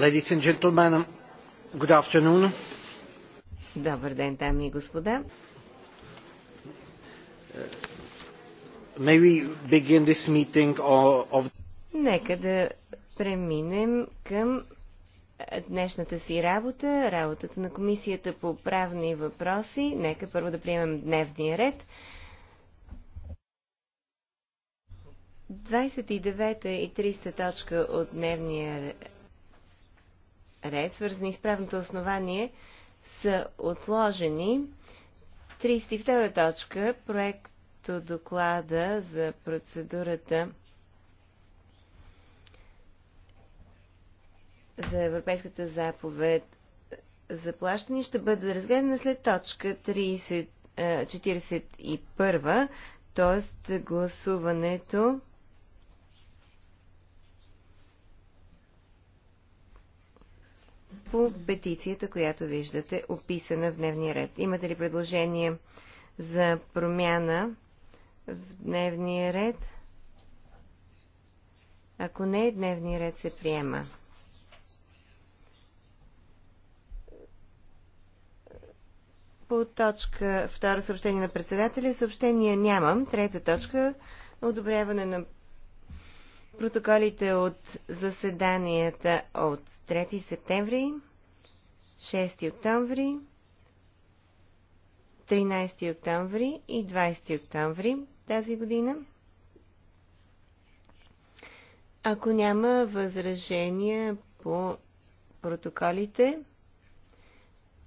Ladies and gentlemen, good afternoon. Добър ден, дами и господа. May we begin this meeting of... Нека да преминем към днешната си работа, работата на Комисията по правни въпроси. Нека първо да приемем дневния ред. 29 и 30 точка от дневния ред, свързани с правното основание, са отложени. 32 точка, проекто доклада за процедурата за Европейската заповед за плащане ще бъде разгледана след точка 30, 41, т.е. гласуването по петицията, която виждате описана в дневния ред. Имате ли предложение за промяна в дневния ред? Ако не, дневния ред се приема. По точка втора съобщение на председателя съобщения нямам. Трета точка одобряване на Протоколите от заседанията от 3 септември, 6 октомври, 13 октомври и 20 октомври тази година. Ако няма възражения по протоколите,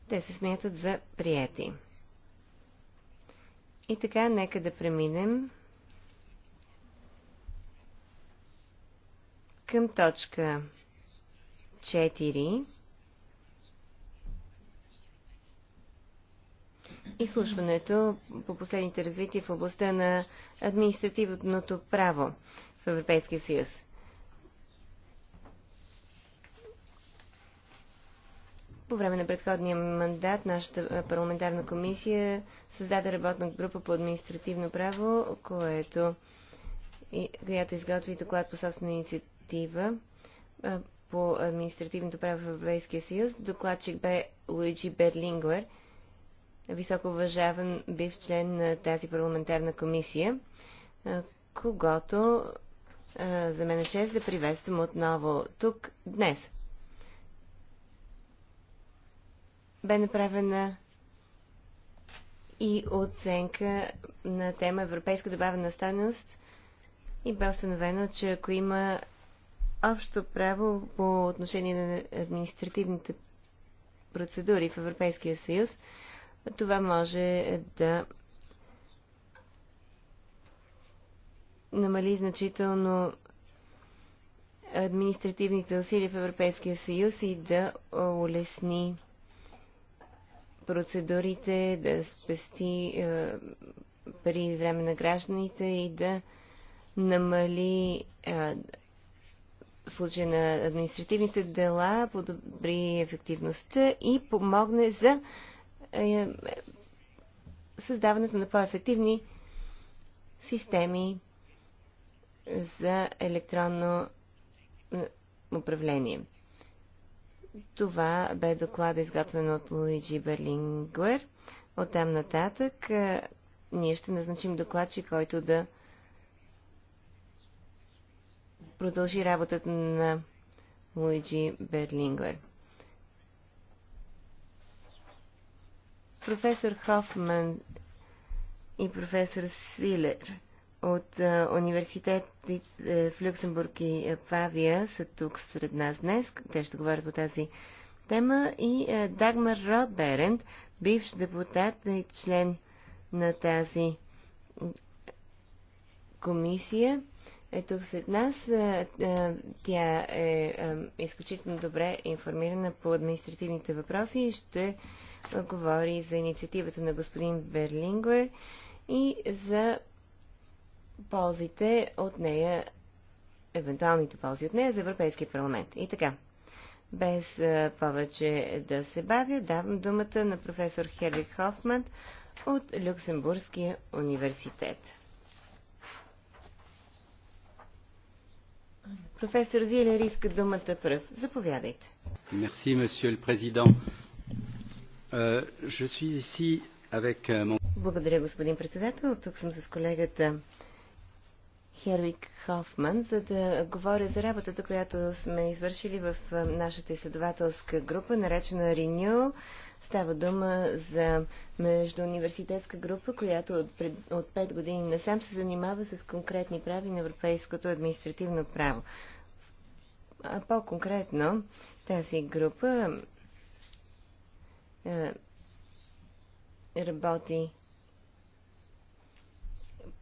те се смятат за прияти. И така, нека да преминем към точка 4. изслушването по последните развития в областта на административното право в Европейския съюз. По време на предходния мандат нашата парламентарна комисия създаде работна група по административно право, което, която изготви доклад по собствена инициатива директива по административното право в Европейския съюз. Докладчик бе Луиджи Берлингуер, високо уважаван бив член на тази парламентарна комисия, когато за мен е чест да приветствам отново тук днес. Бе направена и оценка на тема Европейска добавена стойност и бе установено, че ако има общо право по отношение на административните процедури в Европейския съюз, това може да намали значително административните усилия в Европейския съюз и да улесни процедурите, да спести е, време на гражданите и да намали е, случая на административните дела, подобри ефективността и помогне за е, създаването на по-ефективни системи за електронно е, управление. Това бе доклада изготвен от Луиджи Берлингуер. Оттам нататък е, ние ще назначим докладчик, който да продължи работата на Луиджи Берлингер. Професор Хофман и професор Силер от университетите в Люксембург и Павия са тук сред нас днес. Те ще говорят по тази тема. И Дагмар Ро Беренд, бивш депутат и член на тази комисия е тук след нас. Тя е изключително добре информирана по административните въпроси и ще говори за инициативата на господин Берлингуер и за ползите от нея, евентуалните ползи от нея за Европейския парламент. И така, без повече да се бавя, давам думата на професор Хервик Хофман от Люксембургския университет. Професор Зилер иска думата пръв. Заповядайте. Мерси, месье президент. Je suis ici avec euh, mon... Благодаря, господин председател. Тук съм с колегата Хервик Хофман, за да говоря за работата, която сме извършили в е, нашата изследователска група, наречена Renew. Става дума за междууниверситетска група, която от, пред, от 5 години насам се занимава с конкретни прави на европейското административно право. По-конкретно, тази група е, работи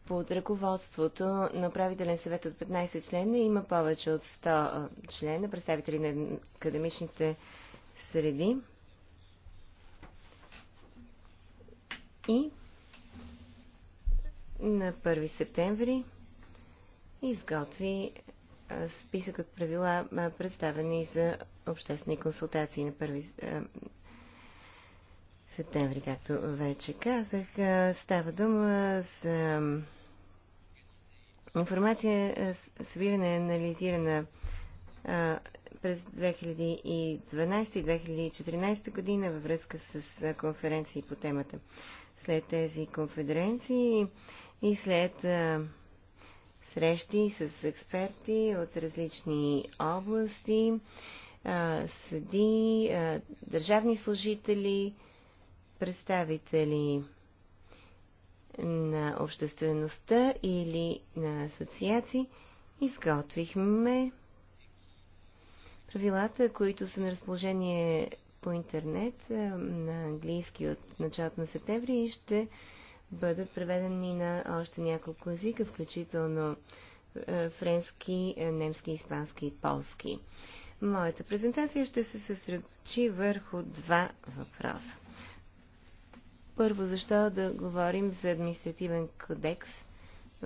под ръководството на управителен съвет от 15 члена и има повече от 100 е, члена, представители на академичните среди. И на 1 септември изготви списък от правила, представени за обществени консултации на 1 септември, както вече казах. Става дума за информация, събиране и анализирана през 2012 и 2014 година във връзка с конференции по темата. След тези конференции и след срещи с експерти от различни области, съди, държавни служители, представители на обществеността или на асоциации, изготвихме правилата, които са на разположение по интернет на английски от началото на септември и ще бъдат преведени на още няколко езика, включително е, френски, е, немски, испански и полски. Моята презентация ще се съсредочи върху два въпроса. Първо, защо да говорим за административен кодекс е,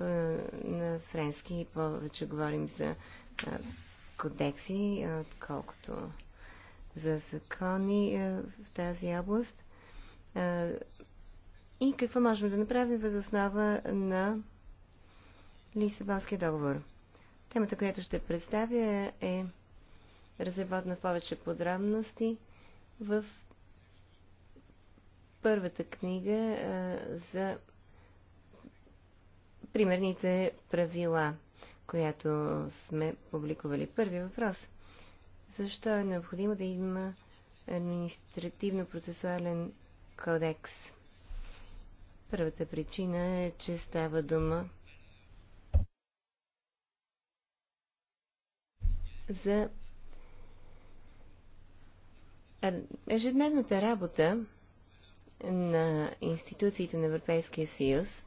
на френски и повече говорим за кодекси, отколкото за закони в тази област и какво можем да направим въз основа на Лисабонския договор. Темата, която ще представя е разработна в повече подробности в първата книга а, за примерните правила, която сме публикували. Първи въпрос. Защо е необходимо да има административно-процесуален кодекс? Първата причина е, че става дума за ежедневната работа на институциите на Европейския съюз,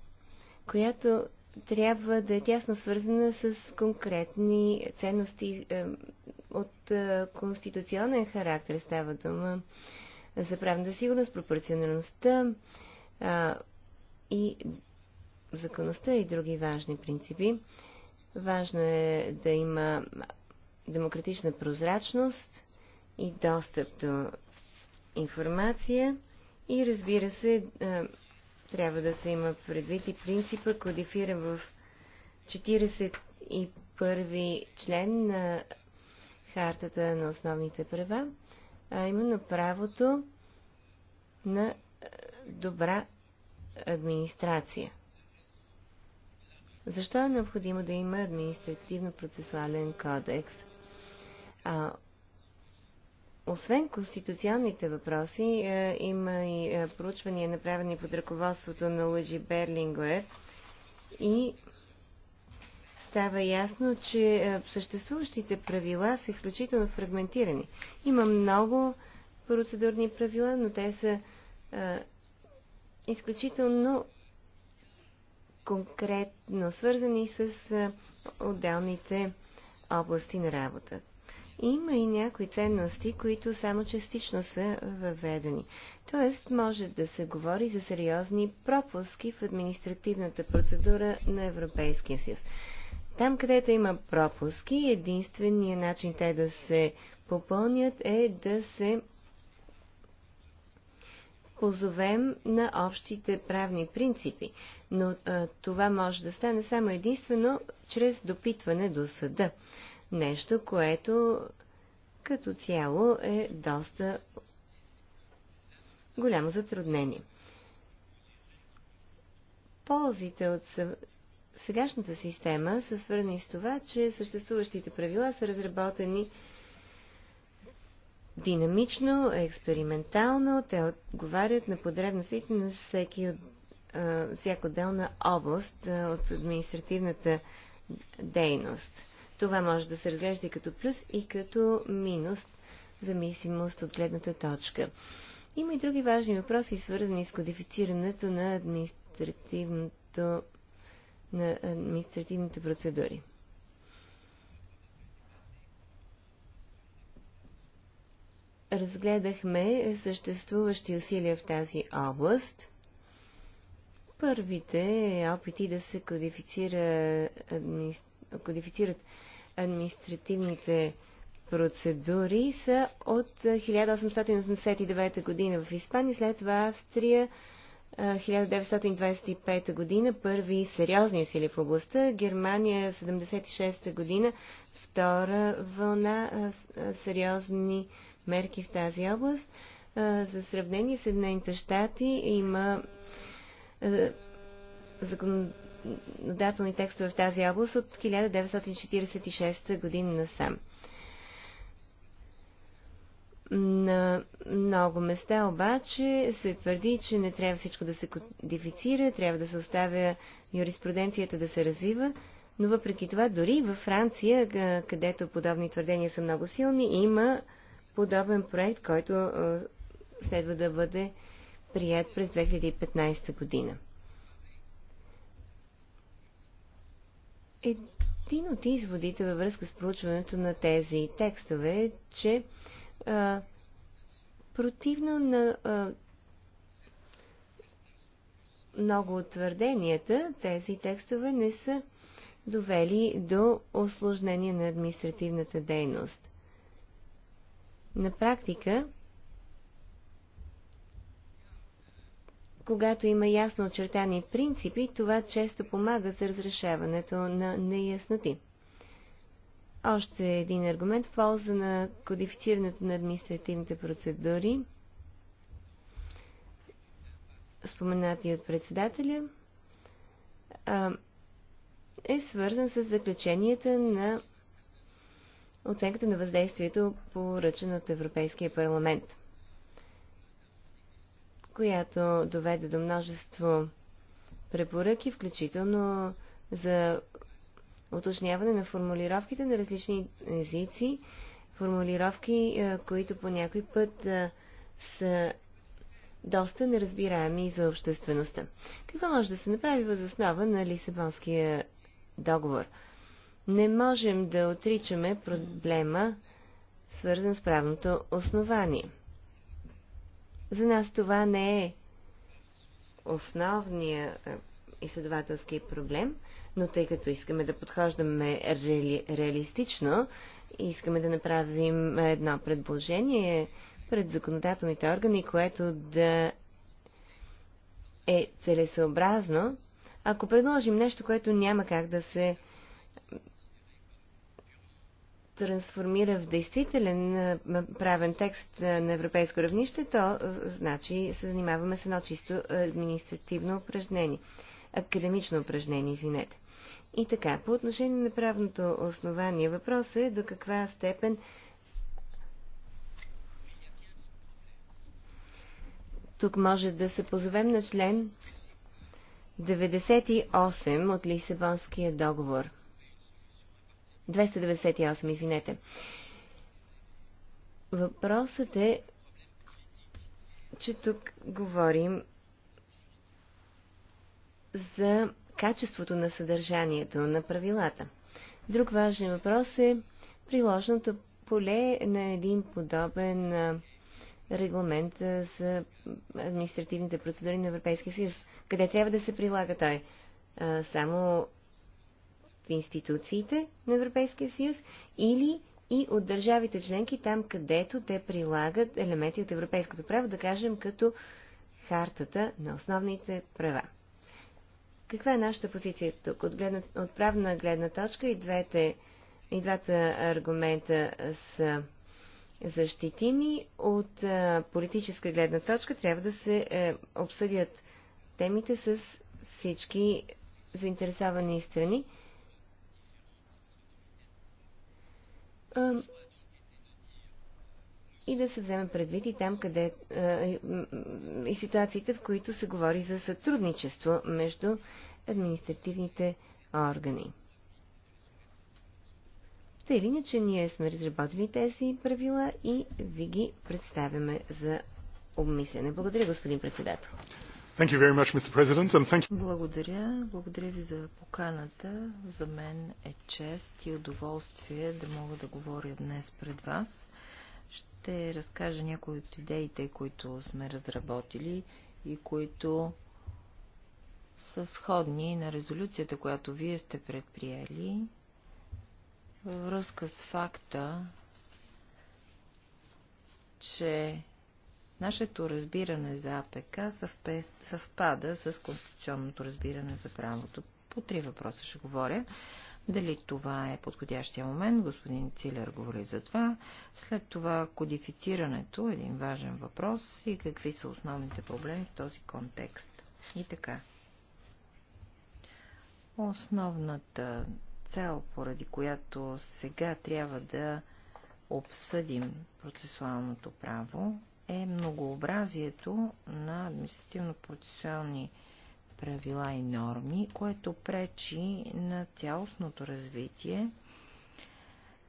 която трябва да е тясно свързана с конкретни ценности от е, конституционен характер. Става дума за правната сигурност, пропорционалността, е, и законността и други важни принципи. Важно е да има демократична прозрачност и достъп до информация и разбира се, трябва да се има предвид и принципа, кодифиран в 41 член на Хартата на основните права, а именно правото на добра администрация. Защо е необходимо да има административно-процесуален кодекс? А, освен конституционните въпроси, е, има и е, проучвания, направени под ръководството на Лъжи Берлингуер и става ясно, че е, съществуващите правила са изключително фрагментирани. Има много процедурни правила, но те са е, изключително конкретно свързани с отделните области на работа. Има и някои ценности, които само частично са въведени. Тоест, може да се говори за сериозни пропуски в административната процедура на Европейския съюз. Там, където има пропуски, единственият начин те да се попълнят е да се озовем на общите правни принципи. Но а, това може да стане само единствено чрез допитване до съда. Нещо, което като цяло е доста голямо затруднение. Ползите от сегашната система са свързани с това, че съществуващите правила са разработени динамично, експериментално. Те отговарят на потребностите на всеки от, а, всяка отделна област а, от административната дейност. Това може да се разглежда и като плюс, и като минус, зависимост от гледната точка. Има и други важни въпроси, свързани с кодифицирането на административното на административните процедури. разгледахме съществуващи усилия в тази област. Първите опити да се кодифицира, адми... кодифицират административните процедури са от 1889 година в Испания, след това Австрия 1925 година първи сериозни усилия в областта, Германия 76 година втора вълна сериозни мерки в тази област. За сравнение с Съединените щати има законодателни текстове в тази област от 1946 година насам. На много места обаче се твърди, че не трябва всичко да се кодифицира, трябва да се оставя юриспруденцията да се развива, но въпреки това дори във Франция, където подобни твърдения са много силни, има подобен проект, който следва да бъде прият през 2015 година. Един от изводите във връзка с проучването на тези текстове е, че а, противно на а, много от твърденията, тези текстове не са довели до осложнение на административната дейност. На практика, когато има ясно очертани принципи, това често помага за разрешаването на неясноти. Още един аргумент в полза на кодифицирането на административните процедури, споменати от председателя, е свързан с заключенията на оценката на въздействието, поръчена от Европейския парламент, която доведе до множество препоръки, включително за уточняване на формулировките на различни езици, формулировки, които по някой път са доста неразбираеми за обществеността. Какво може да се направи въз основа на Лисабонския договор? Не можем да отричаме проблема, свързан с правното основание. За нас това не е основния е, изследователски проблем, но тъй като искаме да подхождаме реали, реалистично, искаме да направим едно предложение пред законодателните органи, което да е целесъобразно, ако предложим нещо, което няма как да се трансформира в действителен правен текст на европейско равнище, то значи се занимаваме с едно чисто административно упражнение. Академично упражнение, извинете. И така, по отношение на правното основание, въпросът е до каква степен тук може да се позовем на член 98 от Лисабонския договор – 298, извинете. Въпросът е, че тук говорим за качеството на съдържанието, на правилата. Друг важен въпрос е приложното поле на един подобен регламент за административните процедури на Европейския съюз. Къде трябва да се прилага той? Само институциите на Европейския съюз или и от държавите членки, там където те прилагат елементи от европейското право, да кажем като хартата на основните права. Каква е нашата позиция тук? От, гледна, от правна гледна точка и, двете, и двата аргумента са защитими. От а, политическа гледна точка трябва да се е, обсъдят темите с всички заинтересовани страни. и да се вземе предвид и там, къде и ситуациите, в които се говори за сътрудничество между административните органи. Та или иначе ние сме разработили тези правила и ви ги представяме за обмислене. Благодаря, господин председател благодаря. Благодаря ви за поканата. За мен е чест и удоволствие да мога да говоря днес пред вас. Ще разкажа някои от идеите, които сме разработили и които са сходни на резолюцията, която вие сте предприели във връзка с факта, че Нашето разбиране за АПК съвпада с конституционното разбиране за правото. По три въпроса ще говоря. Дали това е подходящия момент? Господин Цилер говори за това. След това кодифицирането, е един важен въпрос и какви са основните проблеми в този контекст. И така. Основната цел, поради която сега трябва да обсъдим процесуалното право, е многообразието на административно-процесуални правила и норми, което пречи на цялостното развитие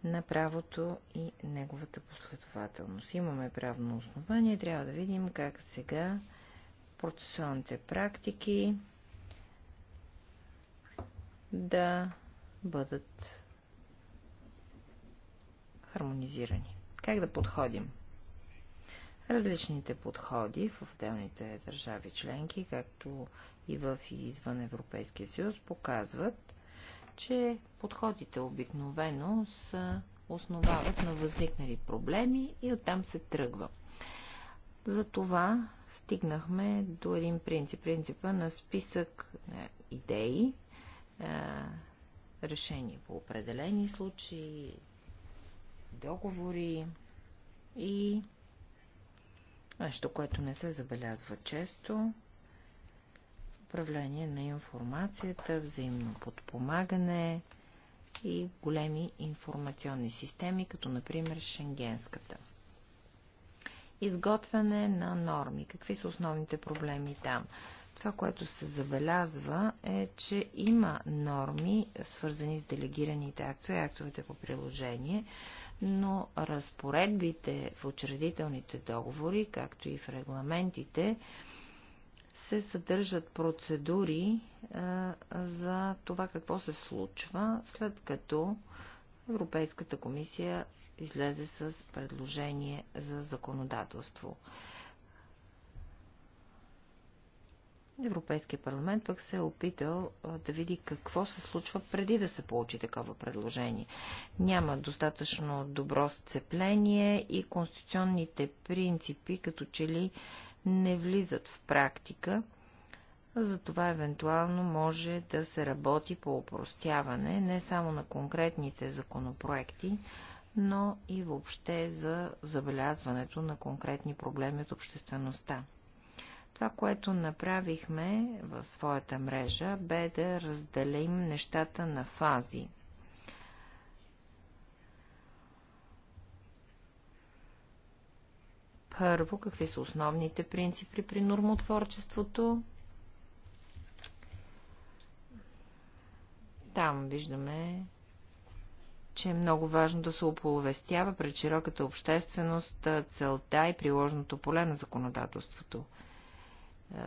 на правото и неговата последователност. Имаме правно основание, трябва да видим как сега процесуалните практики да бъдат хармонизирани. Как да подходим? различните подходи в отделните държави членки, както и в и извън Европейския съюз, показват, че подходите обикновено са основават на възникнали проблеми и оттам се тръгва. Затова стигнахме до един принцип, принципа на списък на идеи, решения по определени случаи, договори и Нещо, което не се забелязва често. Управление на информацията, взаимно подпомагане и големи информационни системи, като например Шенгенската. Изготвяне на норми. Какви са основните проблеми там? Това, което се забелязва е, че има норми, свързани с делегираните актове и актовете по приложение, но разпоредбите в учредителните договори, както и в регламентите, се съдържат процедури е, за това какво се случва, след като Европейската комисия излезе с предложение за законодателство. Европейския парламент пък се е опитал да види какво се случва преди да се получи такова предложение. Няма достатъчно добро сцепление и конституционните принципи като че ли не влизат в практика. Затова евентуално може да се работи по опростяване не само на конкретните законопроекти, но и въобще за забелязването на конкретни проблеми от обществеността. Това, което направихме в своята мрежа, бе да разделим нещата на фази. Първо, какви са основните принципи при нормотворчеството? Там виждаме, че е много важно да се оповестява пред широката общественост целта и приложното поле на законодателството – е,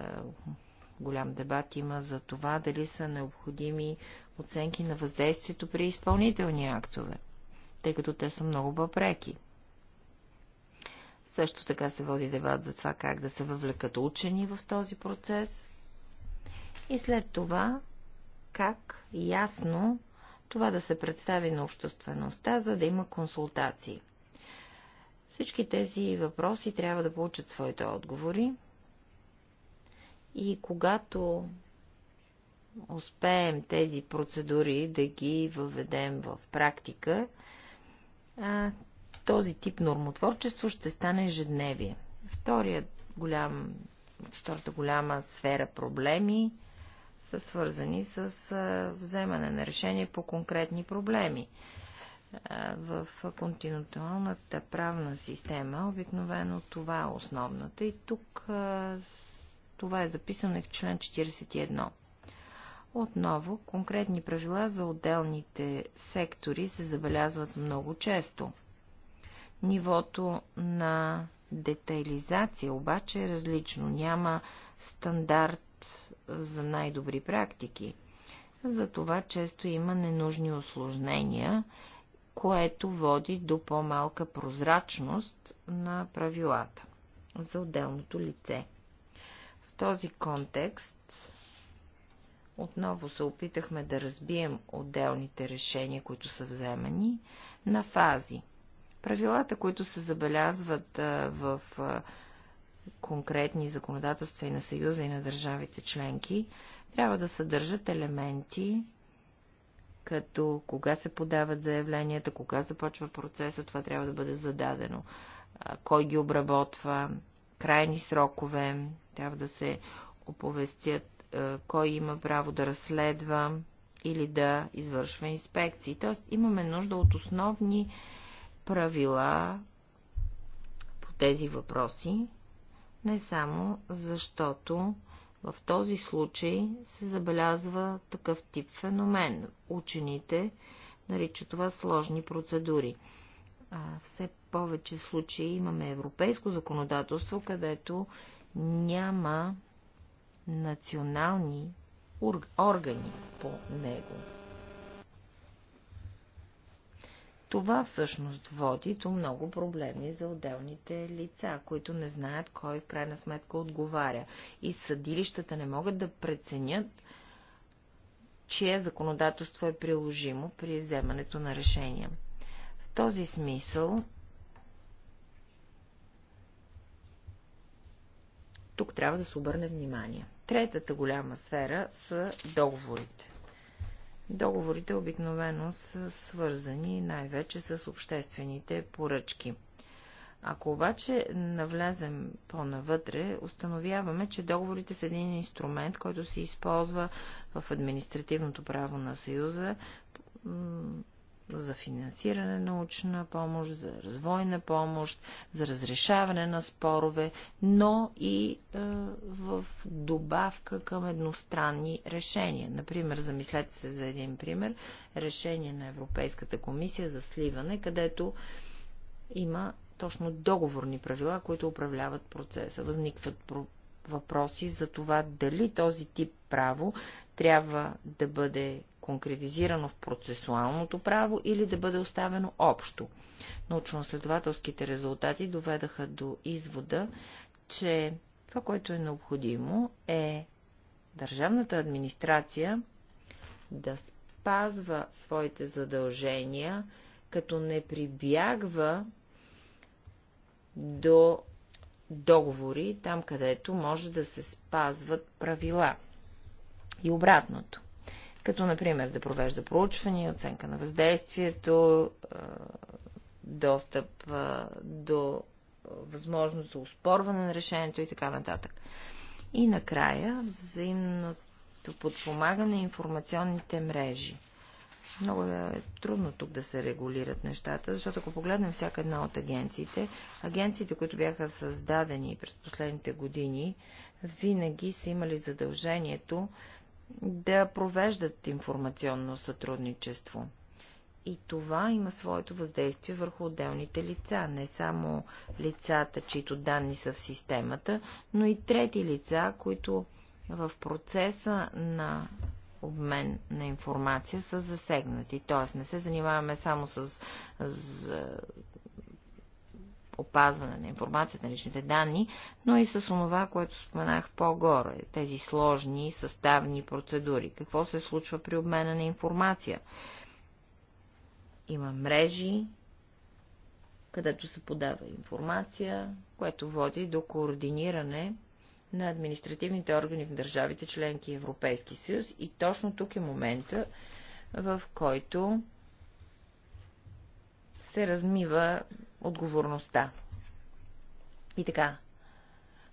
голям дебат има за това, дали са необходими оценки на въздействието при изпълнителни актове, тъй като те са много въпреки. Също така се води дебат за това как да се въвлекат учени в този процес и след това как ясно това да се представи на обществеността, за да има консултации. Всички тези въпроси трябва да получат своите отговори и когато успеем тези процедури да ги въведем в практика, този тип нормотворчество ще стане ежедневие. Втория голям, втората голяма сфера проблеми са свързани с вземане на решение по конкретни проблеми. В континуалната правна система обикновено това е основната и тук това е записано и в член 41. Отново, конкретни правила за отделните сектори се забелязват много често. Нивото на детайлизация обаче е различно. Няма стандарт за най-добри практики. Затова често има ненужни осложнения, което води до по-малка прозрачност на правилата за отделното лице. В този контекст отново се опитахме да разбием отделните решения, които са вземани, на фази. Правилата, които се забелязват в конкретни законодателства и на Съюза и на държавите членки, трябва да съдържат елементи, като кога се подават заявленията, кога започва процеса, това трябва да бъде зададено, кой ги обработва, крайни срокове, трябва да се оповестят е, кой има право да разследва или да извършва инспекции. Тоест имаме нужда от основни правила по тези въпроси, не само защото в този случай се забелязва такъв тип феномен. Учените наричат това сложни процедури. все повече случаи имаме европейско законодателство, където няма национални органи по него. Това всъщност води до много проблеми за отделните лица, които не знаят кой в крайна сметка отговаря. И съдилищата не могат да преценят, чие законодателство е приложимо при вземането на решения. В този смисъл тук трябва да се обърне внимание. Третата голяма сфера са договорите. Договорите обикновено са свързани най-вече с обществените поръчки. Ако обаче навлезем по-навътре, установяваме, че договорите са един инструмент, който се използва в административното право на Съюза за финансиране на научна помощ, за развойна помощ, за разрешаване на спорове, но и е, в добавка към едностранни решения. Например, замислете се за един пример, решение на Европейската комисия за сливане, където има точно договорни правила, които управляват процеса. Възникват въпроси за това дали този тип право трябва да бъде конкретизирано в процесуалното право или да бъде оставено общо. Научно-следователските резултати доведаха до извода, че това, което е необходимо, е държавната администрация да спазва своите задължения, като не прибягва до договори, там където може да се спазват правила. И обратното като например да провежда проучвания, оценка на въздействието, достъп до възможност за успорване на решението и така нататък. И накрая взаимното подпомагане информационните мрежи. Много е трудно тук да се регулират нещата, защото ако погледнем всяка една от агенциите, агенциите, които бяха създадени през последните години, винаги са имали задължението да провеждат информационно сътрудничество. И това има своето въздействие върху отделните лица, не само лицата, чието данни са в системата, но и трети лица, които в процеса на обмен на информация са засегнати. Т.е. не се занимаваме само с, с опазване на информацията, на личните данни, но и с онова, което споменах по-горе, тези сложни съставни процедури. Какво се случва при обмена на информация? Има мрежи, където се подава информация, което води до координиране на административните органи в държавите членки Европейски съюз. И точно тук е момента, в който се размива отговорността. И така,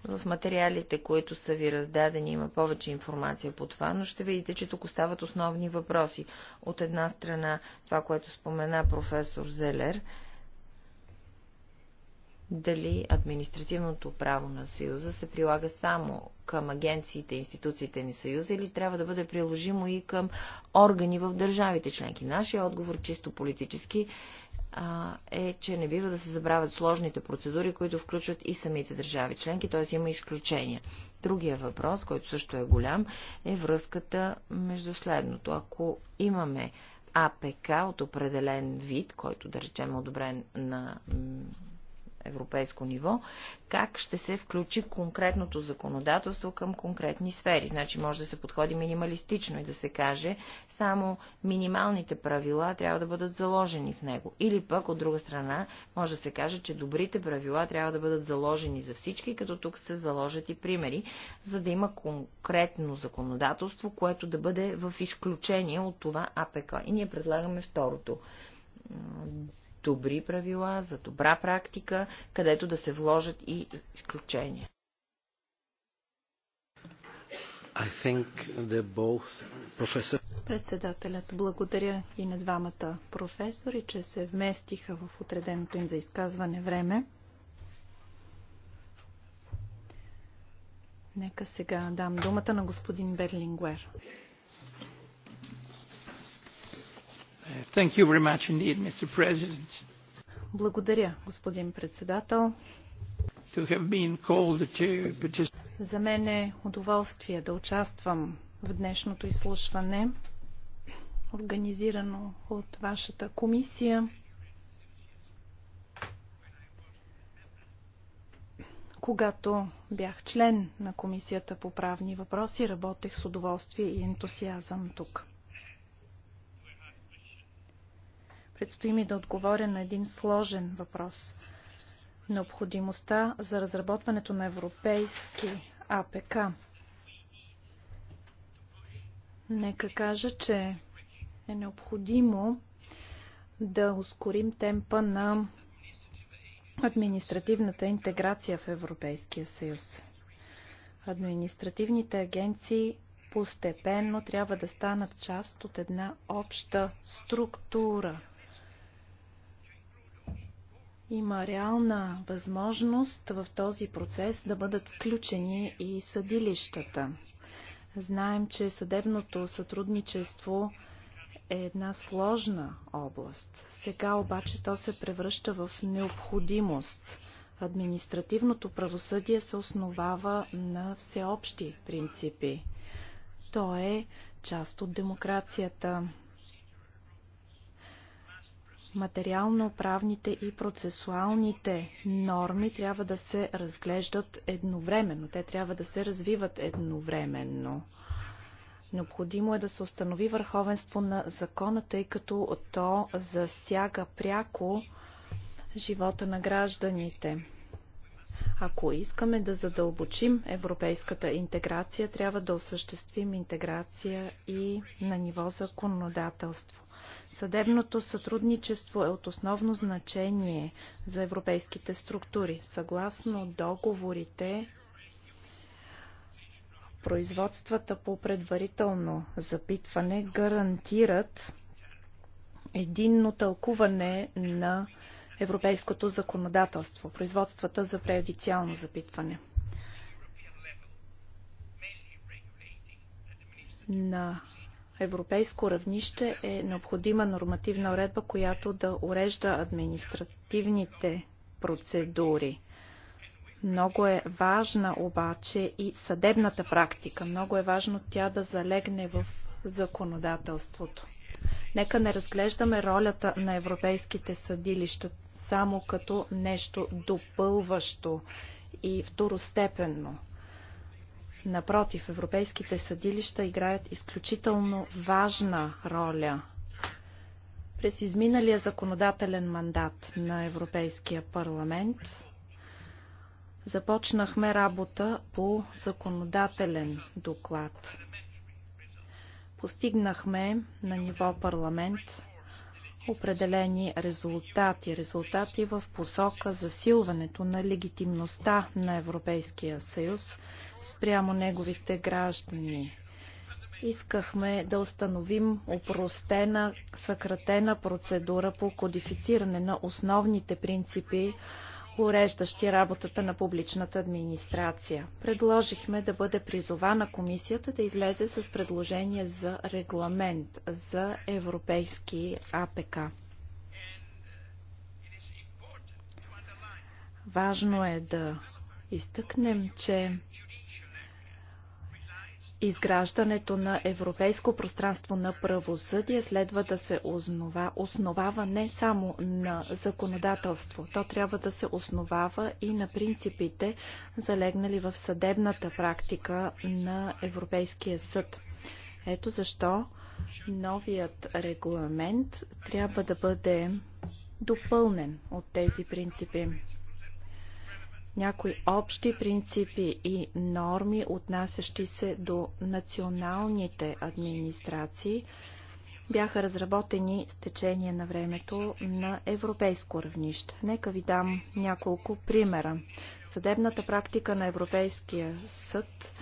в материалите, които са ви раздадени, има повече информация по това, но ще видите, че тук остават основни въпроси. От една страна, това, което спомена професор Зелер, дали административното право на Съюза се прилага само към агенциите, институциите ни Съюза или трябва да бъде приложимо и към органи в държавите членки. Нашия отговор, чисто политически, а, е, че не бива да се забравят сложните процедури, които включват и самите държави членки, т.е. има изключения. Другия въпрос, който също е голям, е връзката между следното. Ако имаме АПК от определен вид, който да речем е одобрен на европейско ниво, как ще се включи конкретното законодателство към конкретни сфери. Значи може да се подходи минималистично и да се каже, само минималните правила трябва да бъдат заложени в него. Или пък, от друга страна, може да се каже, че добрите правила трябва да бъдат заложени за всички, като тук се заложат и примери, за да има конкретно законодателство, което да бъде в изключение от това АПК. И ние предлагаме второто добри правила, за добра практика, където да се вложат и изключения. I think both professor... Председателят благодаря и на двамата професори, че се вместиха в отреденото им за изказване време. Нека сега дам думата на господин Берлингуер. Благодаря, господин председател. За мен е удоволствие да участвам в днешното изслушване, организирано от вашата комисия. Когато бях член на Комисията по правни въпроси, работех с удоволствие и ентусиазъм тук. Предстои ми да отговоря на един сложен въпрос. Необходимостта за разработването на европейски АПК. Нека кажа, че е необходимо да ускорим темпа на административната интеграция в Европейския съюз. Административните агенции постепенно трябва да станат част от една обща структура. Има реална възможност в този процес да бъдат включени и съдилищата. Знаем, че съдебното сътрудничество е една сложна област. Сега обаче то се превръща в необходимост. Административното правосъдие се основава на всеобщи принципи. То е част от демокрацията материално-правните и процесуалните норми трябва да се разглеждат едновременно. Те трябва да се развиват едновременно. Необходимо е да се установи върховенство на закона, тъй като то засяга пряко живота на гражданите. Ако искаме да задълбочим европейската интеграция, трябва да осъществим интеграция и на ниво законодателство. Съдебното сътрудничество е от основно значение за европейските структури. Съгласно договорите, производствата по предварително запитване гарантират единно тълкуване на европейското законодателство, производствата за преодициално запитване. На европейско равнище е необходима нормативна уредба, която да урежда административните процедури. Много е важна обаче и съдебната практика. Много е важно тя да залегне в законодателството. Нека не разглеждаме ролята на европейските съдилища само като нещо допълващо и второстепенно. Напротив, европейските съдилища играят изключително важна роля през изминалия законодателен мандат на Европейския парламент започнахме работа по законодателен доклад. Постигнахме на ниво парламент определени резултати. Резултати в посока засилването на легитимността на Европейския съюз спрямо неговите граждани. Искахме да установим упростена, съкратена процедура по кодифициране на основните принципи уреждащи работата на публичната администрация. Предложихме да бъде призована комисията да излезе с предложение за регламент за европейски АПК. Важно е да изтъкнем, че изграждането на европейско пространство на правосъдие следва да се основа, основава не само на законодателство. То трябва да се основава и на принципите, залегнали в съдебната практика на Европейския съд. Ето защо новият регламент трябва да бъде допълнен от тези принципи някои общи принципи и норми, отнасящи се до националните администрации, бяха разработени с течение на времето на европейско равнище. Нека ви дам няколко примера. Съдебната практика на Европейския съд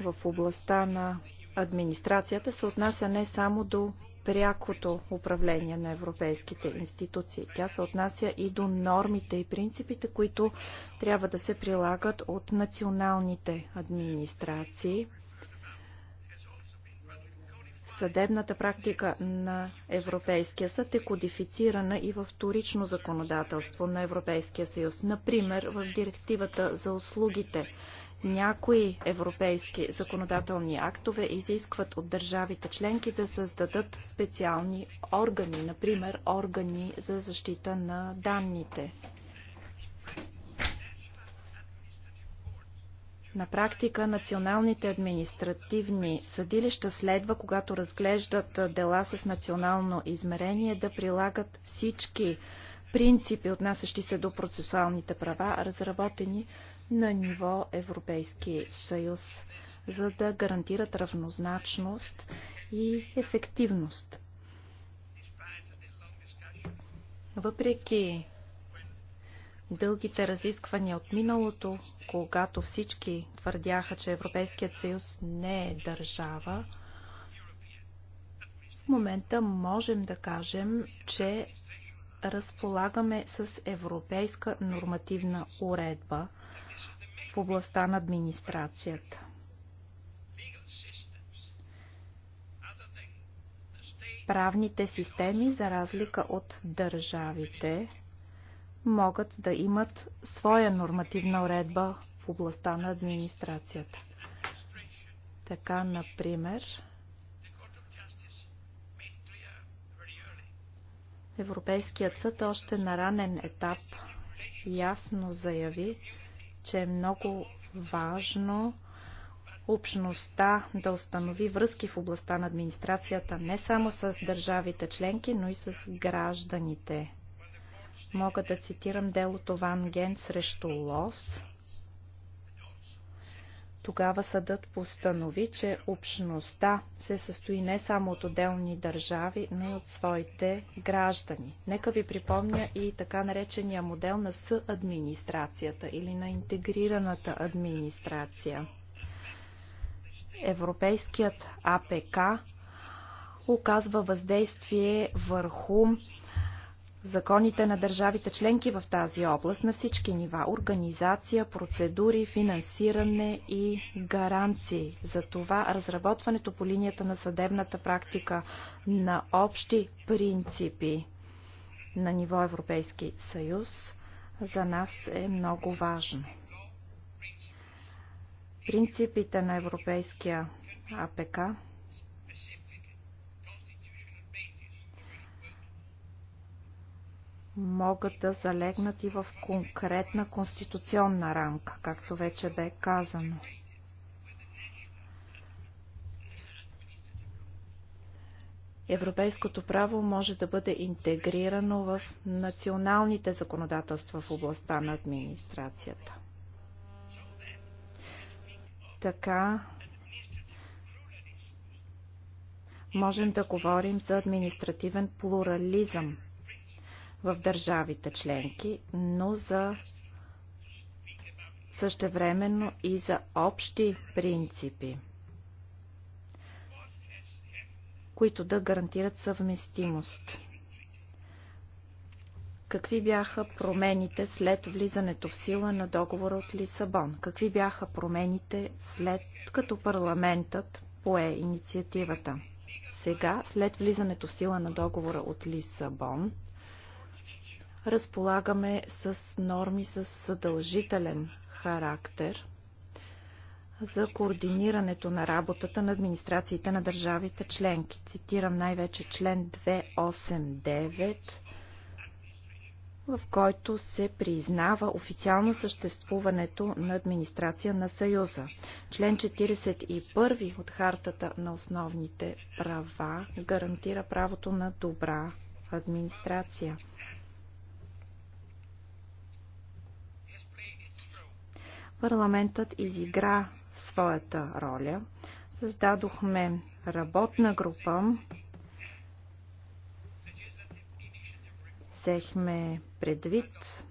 в областта на администрацията се отнася не само до прякото управление на европейските институции. Тя се отнася и до нормите и принципите, които трябва да се прилагат от националните администрации. Съдебната практика на Европейския съд е кодифицирана и във вторично законодателство на Европейския съюз. Например, в директивата за услугите някои европейски законодателни актове изискват от държавите членки да създадат специални органи, например органи за защита на данните. На практика националните административни съдилища следва, когато разглеждат дела с национално измерение, да прилагат всички принципи, отнасящи се до процесуалните права, разработени на ниво Европейски съюз, за да гарантират равнозначност и ефективност. Въпреки дългите разисквания от миналото, когато всички твърдяха, че Европейският съюз не е държава, в момента можем да кажем, че разполагаме с европейска нормативна уредба – в областта на администрацията. Правните системи, за разлика от държавите, могат да имат своя нормативна уредба в областта на администрацията. Така, например, Европейският съд още на ранен етап ясно заяви, че е много важно общността да установи връзки в областта на администрацията не само с държавите членки, но и с гражданите. Мога да цитирам делото Ван Ген срещу Лос, тогава съдът постанови, че общността се състои не само от отделни държави, но и от своите граждани. Нека ви припомня и така наречения модел на съадминистрацията или на интегрираната администрация. Европейският АПК оказва въздействие върху законите на държавите членки в тази област на всички нива – организация, процедури, финансиране и гаранции. Затова разработването по линията на съдебната практика на общи принципи на ниво Европейски съюз за нас е много важно. Принципите на Европейския АПК могат да залегнат и в конкретна конституционна рамка, както вече бе казано. Европейското право може да бъде интегрирано в националните законодателства в областта на администрацията. Така можем да говорим за административен плурализъм в държавите членки, но за същевременно и за общи принципи, които да гарантират съвместимост. Какви бяха промените след влизането в сила на договора от Лисабон? Какви бяха промените след като парламентът пое инициативата? Сега, след влизането в сила на договора от Лисабон, разполагаме с норми с съдължителен характер за координирането на работата на администрациите на държавите членки. Цитирам най-вече член 289, в който се признава официално съществуването на администрация на Съюза. Член 41 от Хартата на основните права гарантира правото на добра администрация. Парламентът изигра своята роля. Създадохме работна група, взехме предвид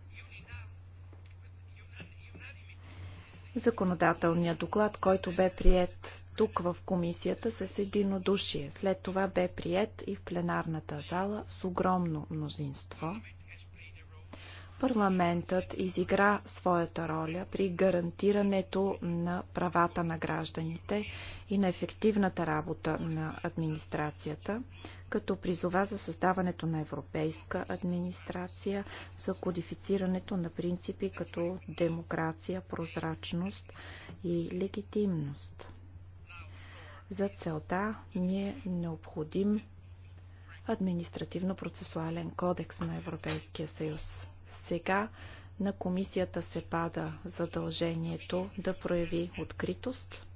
законодателния доклад, който бе прият тук в комисията с единодушие. След това бе прият и в пленарната зала с огромно мнозинство парламентът изигра своята роля при гарантирането на правата на гражданите и на ефективната работа на администрацията, като призова за създаването на европейска администрация, за кодифицирането на принципи като демокрация, прозрачност и легитимност. За целта ни е необходим административно-процесуален кодекс на Европейския съюз. Сега на комисията се пада задължението да прояви откритост.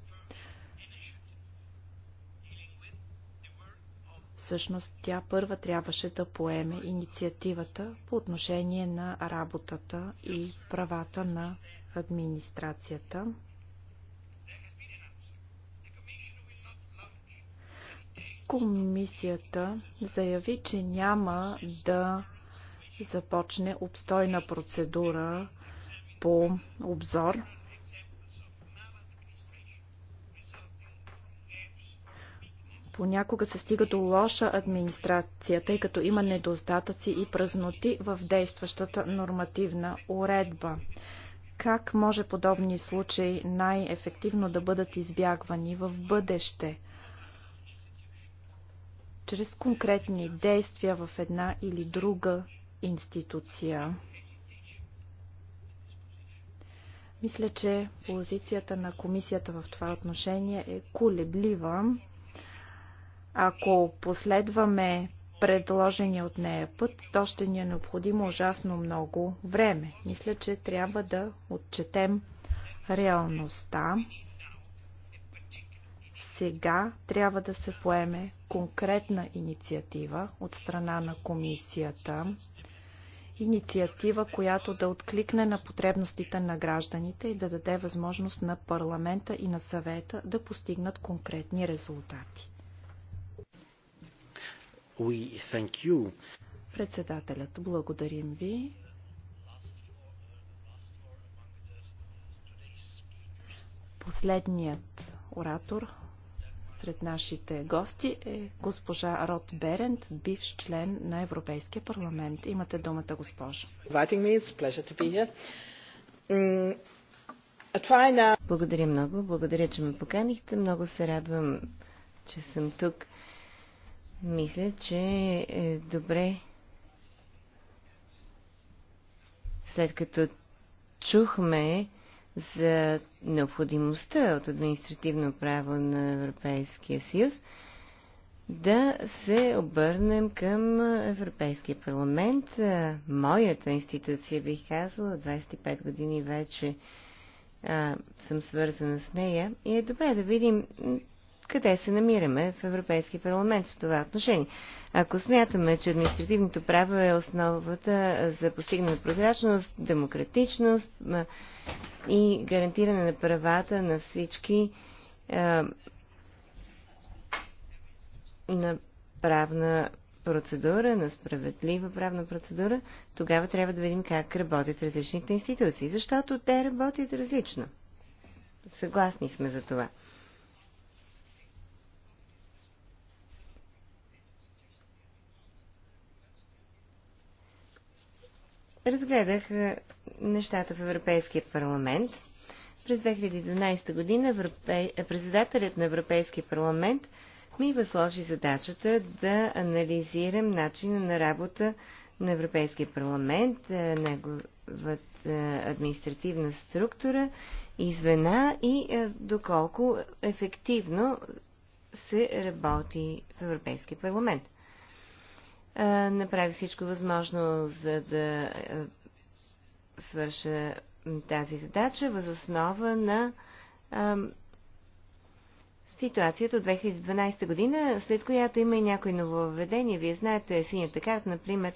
Всъщност тя първа трябваше да поеме инициативата по отношение на работата и правата на администрацията. Комисията заяви, че няма да започне обстойна процедура по обзор. Понякога се стига до лоша администрация, тъй като има недостатъци и празноти в действащата нормативна уредба. Как може подобни случаи най-ефективно да бъдат избягвани в бъдеще? Чрез конкретни действия в една или друга институция. Мисля, че позицията на комисията в това отношение е колеблива. Ако последваме предложения от нея път, то ще ни е необходимо ужасно много време. Мисля, че трябва да отчетем реалността. Сега трябва да се поеме конкретна инициатива от страна на комисията инициатива, която да откликне на потребностите на гражданите и да даде възможност на парламента и на съвета да постигнат конкретни резултати. We thank you. Председателят, благодарим ви. Последният оратор сред нашите гости е госпожа Рот Берент, бивш член на Европейския парламент. Имате думата, госпожо. Е Благодаря много. Благодаря, че ме поканихте. Много се радвам, че съм тук. Мисля, че е добре след като чухме за необходимостта от административно право на Европейския съюз, да се обърнем към Европейския парламент. Моята институция, бих казала, 25 години вече а, съм свързана с нея. И е добре да видим къде се намираме в Европейския парламент в това отношение. Ако смятаме, че административното право е основата за постигане на прозрачност, демократичност и гарантиране на правата на всички на правна процедура, на справедлива правна процедура, тогава трябва да видим как работят различните институции, защото те работят различно. Съгласни сме за това. разгледах е, нещата в Европейския парламент. През 2012 година Европей... председателят на Европейския парламент ми възложи задачата да анализирам начина на работа на Европейския парламент, е, неговата е, административна структура и звена и доколко ефективно се работи в Европейския парламент направих всичко възможно, за да свърша тази задача възоснова на ситуацията от 2012 година, след която има и някои нововведения. Вие знаете синята карта, например.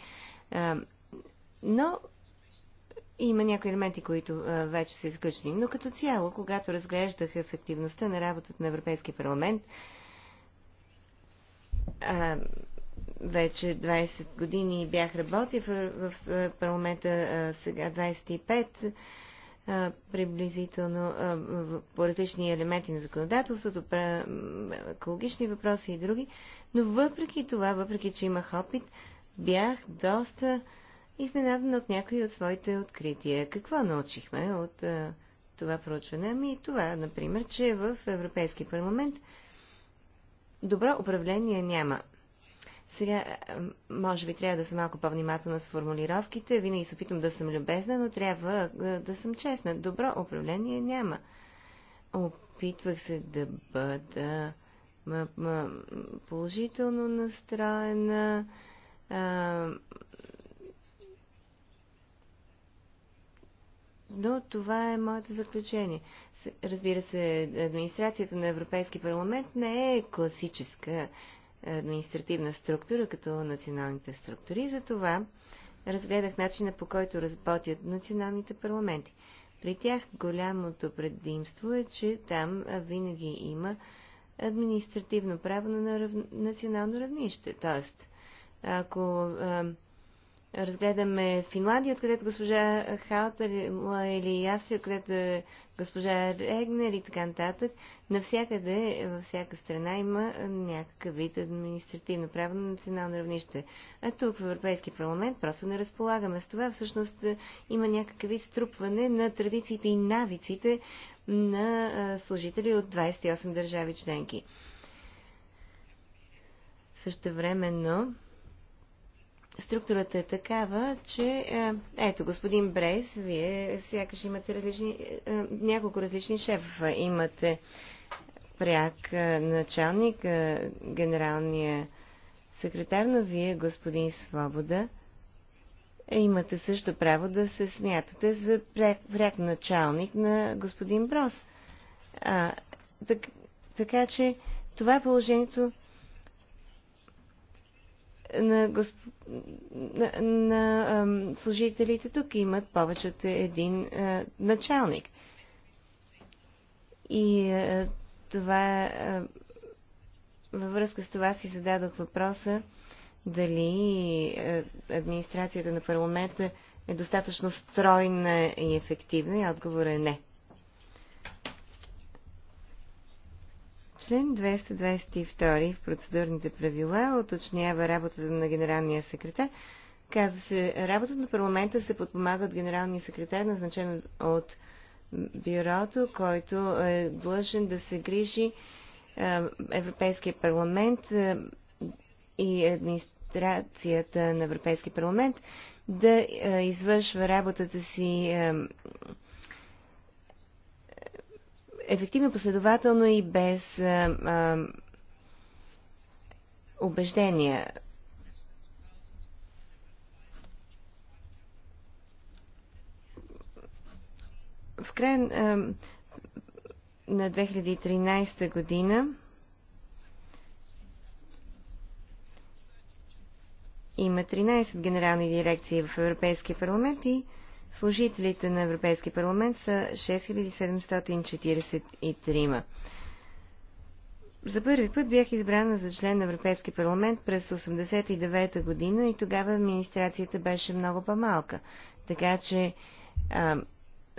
Но има някои елементи, които вече са изключени. Но като цяло, когато разглеждах ефективността на работата на Европейския парламент, вече 20 години бях работил в, в, в парламента, сега 25 приблизително по различни елементи на законодателството, екологични въпроси и други. Но въпреки това, въпреки че имах опит, бях доста изненадан от някои от своите открития. Какво научихме от а, това проучване? Ами това, например, че в Европейски парламент добро управление няма. Сега, може би трябва да съм малко по-внимателна с формулировките. Винаги се опитвам да съм любезна, но трябва да съм честна. Добро управление няма. Опитвах се да бъда положително настроена. А, но това е моето заключение. Разбира се, администрацията на Европейски парламент не е класическа административна структура, като националните структури. За това разгледах начина по който работят националните парламенти. При тях голямото предимство е, че там винаги има административно право на национално равнище. Тоест, ако а, разгледаме Финландия, откъдето госпожа Хаутала или Австрия, откъдето госпожа Регнер и така нататък, навсякъде, във всяка страна има някакъв вид административно право на национално равнище. А тук в Европейски парламент просто не разполагаме с това. Всъщност има някакъв вид струпване на традициите и навиците на служители от 28 държави членки. Също времено структурата е такава, че е, ето, господин Брейс, вие сякаш имате различни, е, е, няколко различни шефа. Имате пряк началник, генералния секретар, но вие, господин Свобода, имате също право да се смятате за пряк, пряк началник на господин Брос. А, так, така че това е положението на, госп... на, на ам, служителите тук имат повече от един а, началник. И а, това, а, във връзка с това си зададох въпроса дали а, администрацията на парламента е достатъчно стройна и ефективна и отговорът е не. Член 222 в процедурните правила оточнява работата на генералния секретар. Казва се, работата на парламента се подпомага от генералния секретар, назначен от бюрото, който е длъжен да се грижи е, Европейския парламент е, и администрацията на Европейския парламент да е, извършва работата си ефективно, последователно и без а, а, убеждения. В края на 2013 година има 13 генерални дирекции в Европейския парламент и служителите на Европейски парламент са 6743. За първи път бях избрана за член на Европейски парламент през 1989 година и тогава администрацията беше много по-малка. Така че а,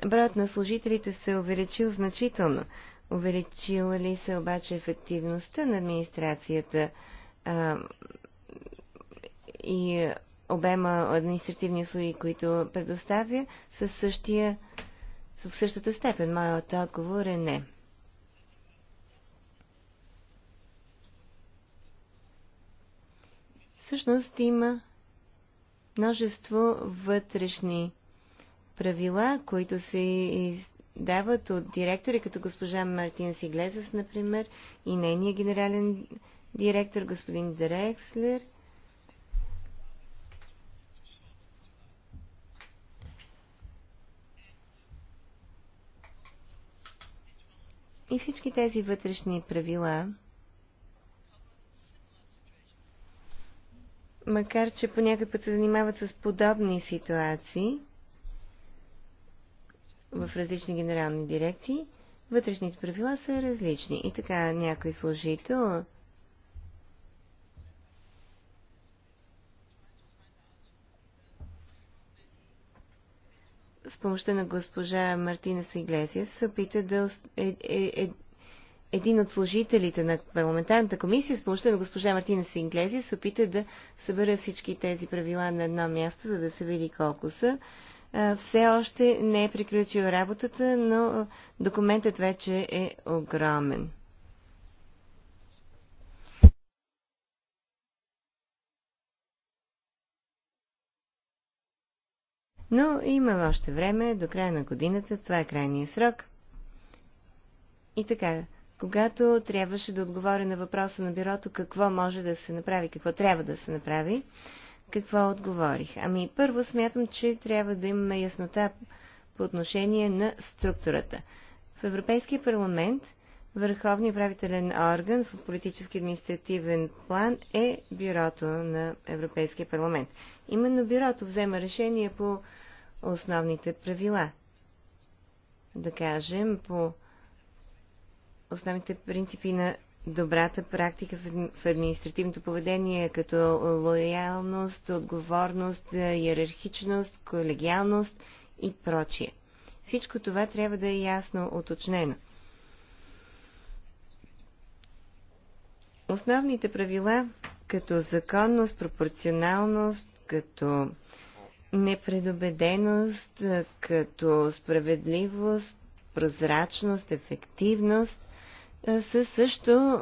броят на служителите се е увеличил значително. Увеличила ли се обаче ефективността на администрацията а, и обема административни услуги, които предоставя, със същия, в същата степен. Моят отговор е не. Всъщност има множество вътрешни правила, които се дават от директори, като госпожа Мартин Сиглезас, например, и нейния генерален директор, господин Дрекслер – И всички тези вътрешни правила, макар че по път се занимават с подобни ситуации в различни генерални дирекции, вътрешните правила са различни. И така някой служител с помощта на госпожа Мартина Сиглесия се опита да е, е, е, един от служителите на парламентарната комисия с помощта на госпожа Мартина Синглезия се опита да събере всички тези правила на едно място, за да се види колко са. Все още не е приключила работата, но документът вече е огромен. Но има още време, до края на годината, това е крайния срок. И така, когато трябваше да отговоря на въпроса на бюрото какво може да се направи, какво трябва да се направи, какво отговорих? Ами първо смятам, че трябва да имаме яснота по отношение на структурата. В Европейския парламент върховният правителен орган в политически административен план е бюрото на Европейския парламент. Именно бюрото взема решение по основните правила. Да кажем, по основните принципи на добрата практика в административното поведение, като лоялност, отговорност, иерархичност, колегиалност и прочие. Всичко това трябва да е ясно уточнено. Основните правила като законност, пропорционалност, като непредобеденост, като справедливост, прозрачност, ефективност са също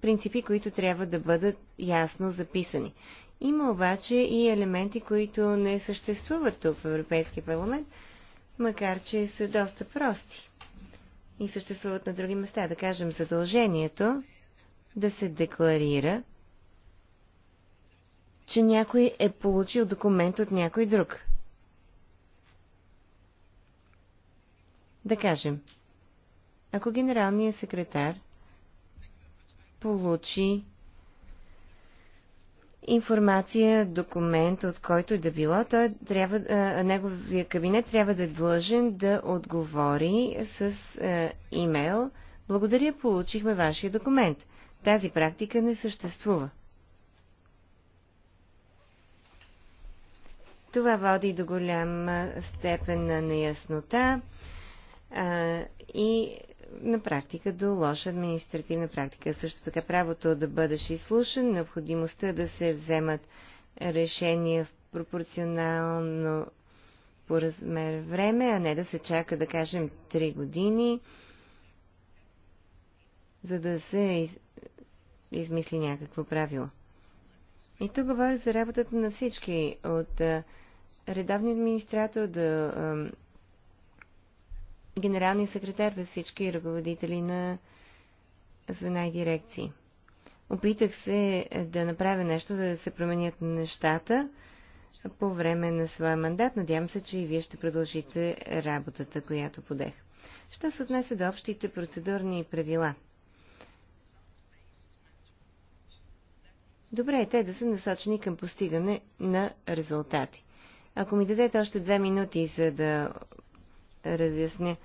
принципи, които трябва да бъдат ясно записани. Има обаче и елементи, които не съществуват тук в Европейския парламент, макар че са доста прости и съществуват на други места. Да кажем, задължението да се декларира че някой е получил документ от някой друг. Да кажем, ако генералният секретар получи информация, документ, от който и да било, той трябва, а, неговия кабинет трябва да е длъжен да отговори с а, имейл. Благодаря, получихме вашия документ. Тази практика не съществува. Това води до голяма степен на неяснота а, и на практика до лоша административна практика. Също така правото да бъдеш изслушан, необходимостта да се вземат решения в пропорционално по размер време, а не да се чака, да кажем, 3 години, за да се из... измисли някакво правило. И тук говоря за работата на всички от редовния администратор до генералния секретар във всички ръководители на звена и дирекции. Опитах се е, да направя нещо, за да се променят нещата по време на своя мандат. Надявам се, че и вие ще продължите работата, която подех. Що се отнесе до общите процедурни правила? Добре е те да са насочени към постигане на резултати. Ако ми дадете още две минути, за да разясня.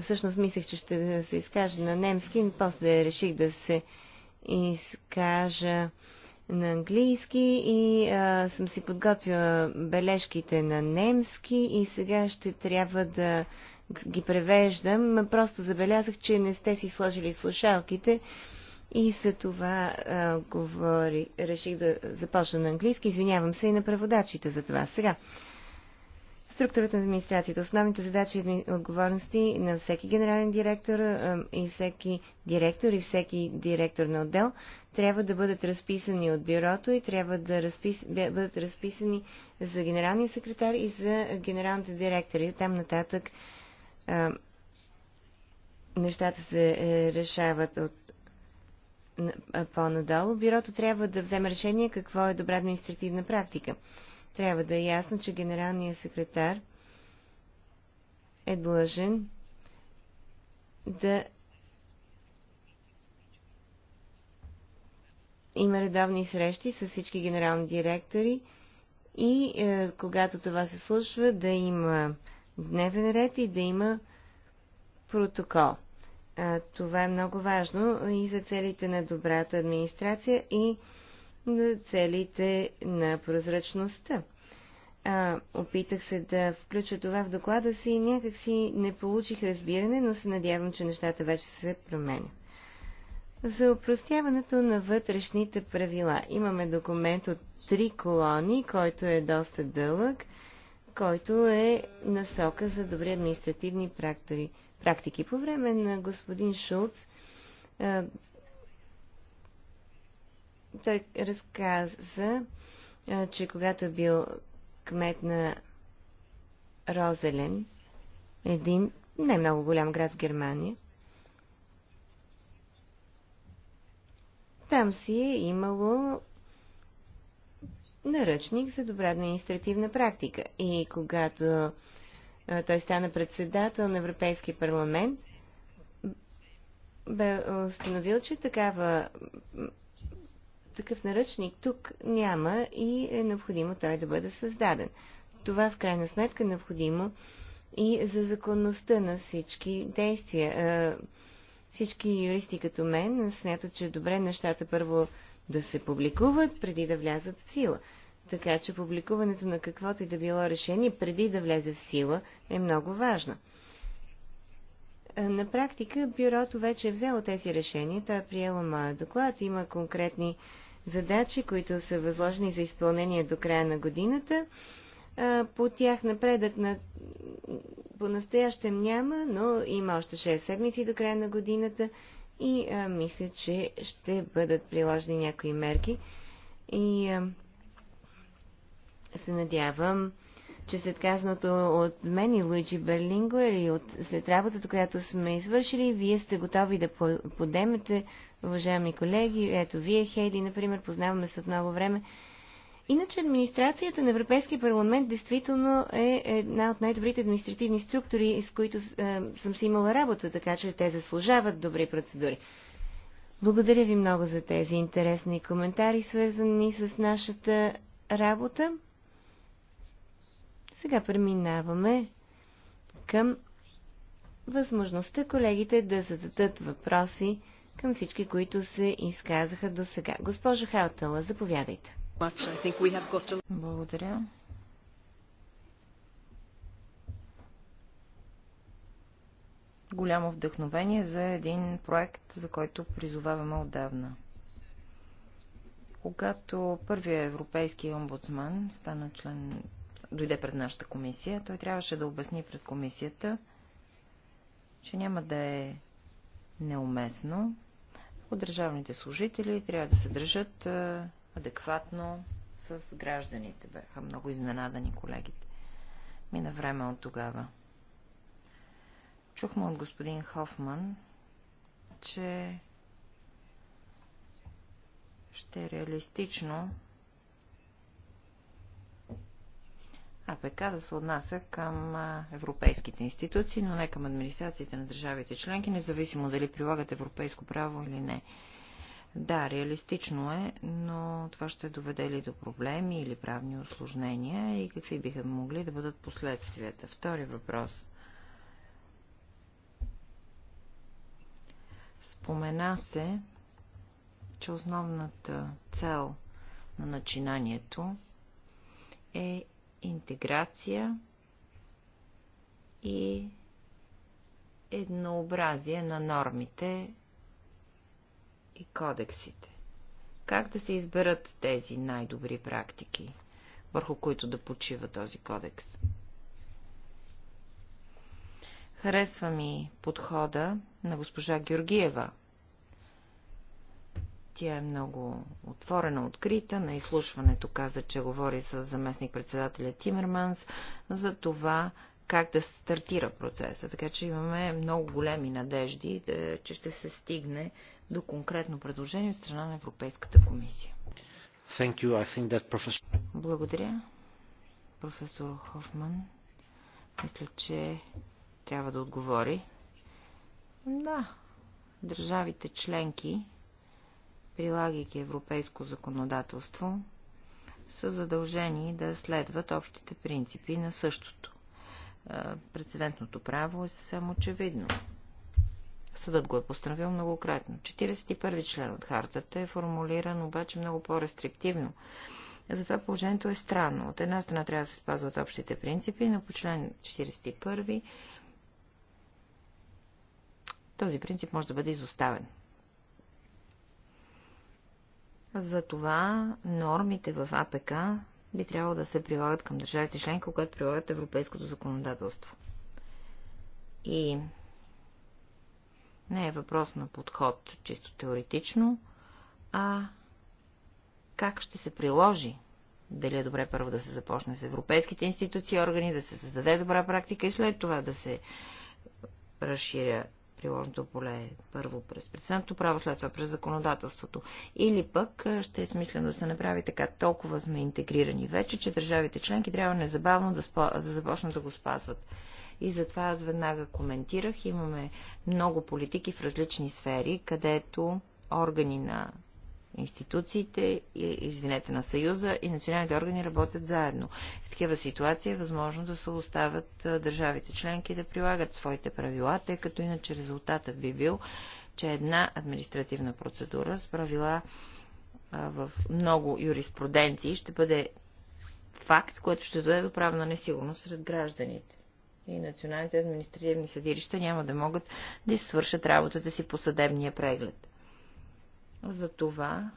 Всъщност мислех, че ще се изкажа на немски, после реших да се изкажа на английски и а, съм си подготвила бележките на немски и сега ще трябва да ги превеждам. Просто забелязах, че не сте си сложили слушалките и за това а, говори, реших да започна на английски. Извинявам се и на преводачите за това. Сега, структурата на администрацията, основните задачи и отговорности на всеки генерален директор и всеки директор и всеки директор на отдел трябва да бъдат разписани от бюрото и трябва да разпис... бъдат разписани за генералния секретар и за генералните директори. там нататък нещата се е, решават от по-надолу. Бюрото трябва да вземе решение какво е добра административна практика. Трябва да е ясно, че генералният секретар е длъжен да има редовни срещи с всички генерални директори и е, когато това се случва, да има дневен ред и да има протокол. А, това е много важно и за целите на добрата администрация и на целите на прозрачността. А, опитах се да включа това в доклада си и някак си не получих разбиране, но се надявам, че нещата вече се променят. За упростяването на вътрешните правила имаме документ от три колони, който е доста дълъг, който е насока за добри административни практики. По време на господин Шулц той разказа, че когато е бил кмет на Розелен, един не много голям град в Германия, там си е имало наръчник за добра административна практика. И когато той стана председател на Европейския парламент, бе установил, че такава такъв наръчник тук няма и е необходимо той да бъде създаден. Това в крайна сметка е необходимо и за законността на всички действия. Всички юристи като мен смятат, че е добре нещата първо да се публикуват, преди да влязат в сила. Така че публикуването на каквото и да било решение, преди да влезе в сила, е много важно. На практика бюрото вече е взело тези решения, той е приело моя доклад, има конкретни задачи, които са възложени за изпълнение до края на годината. По тях напредък на... по настоящем няма, но има още 6 седмици до края на годината и а, мисля, че ще бъдат приложени някои мерки. И а, се надявам че след казаното от мен и Луиджи Берлинго или от, след работата, която сме извършили, вие сте готови да подемете, уважаеми колеги. Ето, вие, Хейди, например, познаваме се от много време. Иначе администрацията на Европейския парламент действително е една от най-добрите административни структури, с които е, съм си имала работа, така че те заслужават добри процедури. Благодаря ви много за тези интересни коментари, свързани с нашата работа. Сега преминаваме към възможността колегите да зададат въпроси към всички, които се изказаха до сега. Госпожа Халтала, заповядайте. Благодаря. Голямо вдъхновение за един проект, за който призоваваме отдавна. Когато първият европейски омбудсман стана член дойде пред нашата комисия, той трябваше да обясни пред комисията, че няма да е неуместно, държавните служители трябва да се държат адекватно с гражданите. Бяха много изненадани колегите. Мина време от тогава. Чухме от господин Хофман, че ще е реалистично АПК да се отнася към европейските институции, но не към администрациите на държавите членки, независимо дали прилагат европейско право или не. Да, реалистично е, но това ще доведе ли до проблеми или правни осложнения и какви биха могли да бъдат последствията? Втори въпрос. Спомена се, че основната цел на начинанието е интеграция и еднообразие на нормите и кодексите. Как да се изберат тези най-добри практики, върху които да почива този кодекс? Харесва ми подхода на госпожа Георгиева – тя е много отворена, открита. На изслушването каза, че говори с заместник-председателя Тимерманс за това как да стартира процеса. Така че имаме много големи надежди, че ще се стигне до конкретно предложение от страна на Европейската комисия. Thank you. I think that professor... Благодаря, професор Хофман. Мисля, че трябва да отговори. Да, държавите членки прилагайки европейско законодателство, са задължени да следват общите принципи на същото. Прецедентното право е съвсем очевидно. Съдът го е постановил многократно. 41 член от хартата е формулиран обаче много по-рестриктивно. Затова положението е странно. От една страна трябва да се спазват общите принципи, но по член 41 този принцип може да бъде изоставен. Затова нормите в АПК би трябвало да се прилагат към държавите членки, когато прилагат европейското законодателство. И не е въпрос на подход чисто теоретично, а как ще се приложи. Дали е добре първо да се започне с европейските институции и органи, да се създаде добра практика и след това да се разширя приложното поле първо през председателното право, след това през законодателството. Или пък ще е смислено да се направи така, толкова сме интегрирани вече, че държавите членки трябва незабавно да, спо... да започнат да го спазват. И затова аз веднага коментирах, имаме много политики в различни сфери, където органи на Институциите, извинете, на Съюза и националните органи работят заедно. В такива ситуации е възможно да се оставят държавите членки да прилагат своите правила, тъй като иначе резултатът би бил, че една административна процедура с правила в много юриспруденции ще бъде факт, което ще доведе до правна несигурност сред гражданите. И националните административни съдилища няма да могат да свършат работата си по съдебния преглед. Затова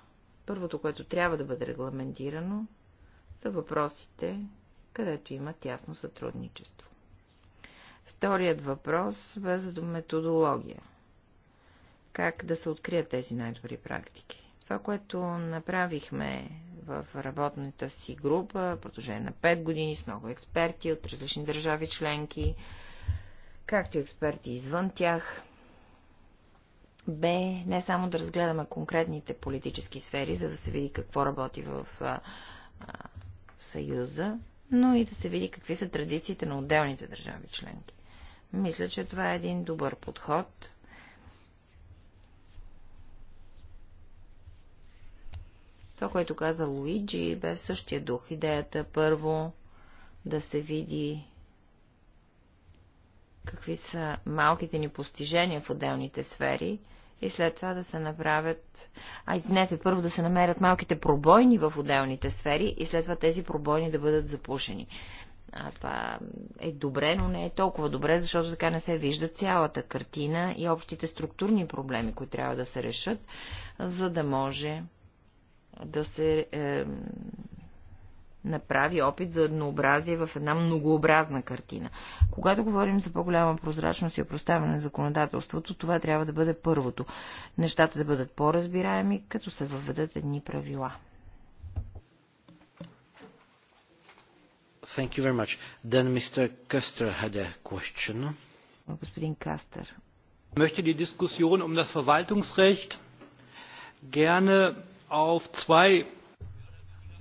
първото, което трябва да бъде регламентирано, са въпросите, където има тясно сътрудничество. Вторият въпрос бе за методология. Как да се открият тези най-добри практики? Това, което направихме в работната си група, продължение на 5 години, с много експерти от различни държави членки, както и експерти извън тях – бе не само да разгледаме конкретните политически сфери, за да се види какво работи в а, Съюза, но и да се види какви са традициите на отделните държави членки. Мисля, че това е един добър подход. Това, което каза Луиджи, бе в същия дух. Идеята първо да се види какви са малките ни постижения в отделните сфери, и след това да се направят... А, извинете, първо да се намерят малките пробойни в отделните сфери и след това тези пробойни да бъдат запушени. А, това е добре, но не е толкова добре, защото така не се вижда цялата картина и общите структурни проблеми, които трябва да се решат, за да може да се е, направи опит за еднообразие в една многообразна картина. Когато говорим за по-голяма прозрачност и опроставяне на законодателството, това трябва да бъде първото. Нещата да бъдат по-разбираеми, като се въведат едни правила. Thank you very much. Then Mr. Custer had a question. Господин Кастър. Möchte die Diskussion um das Verwaltungsrecht gerne auf zwei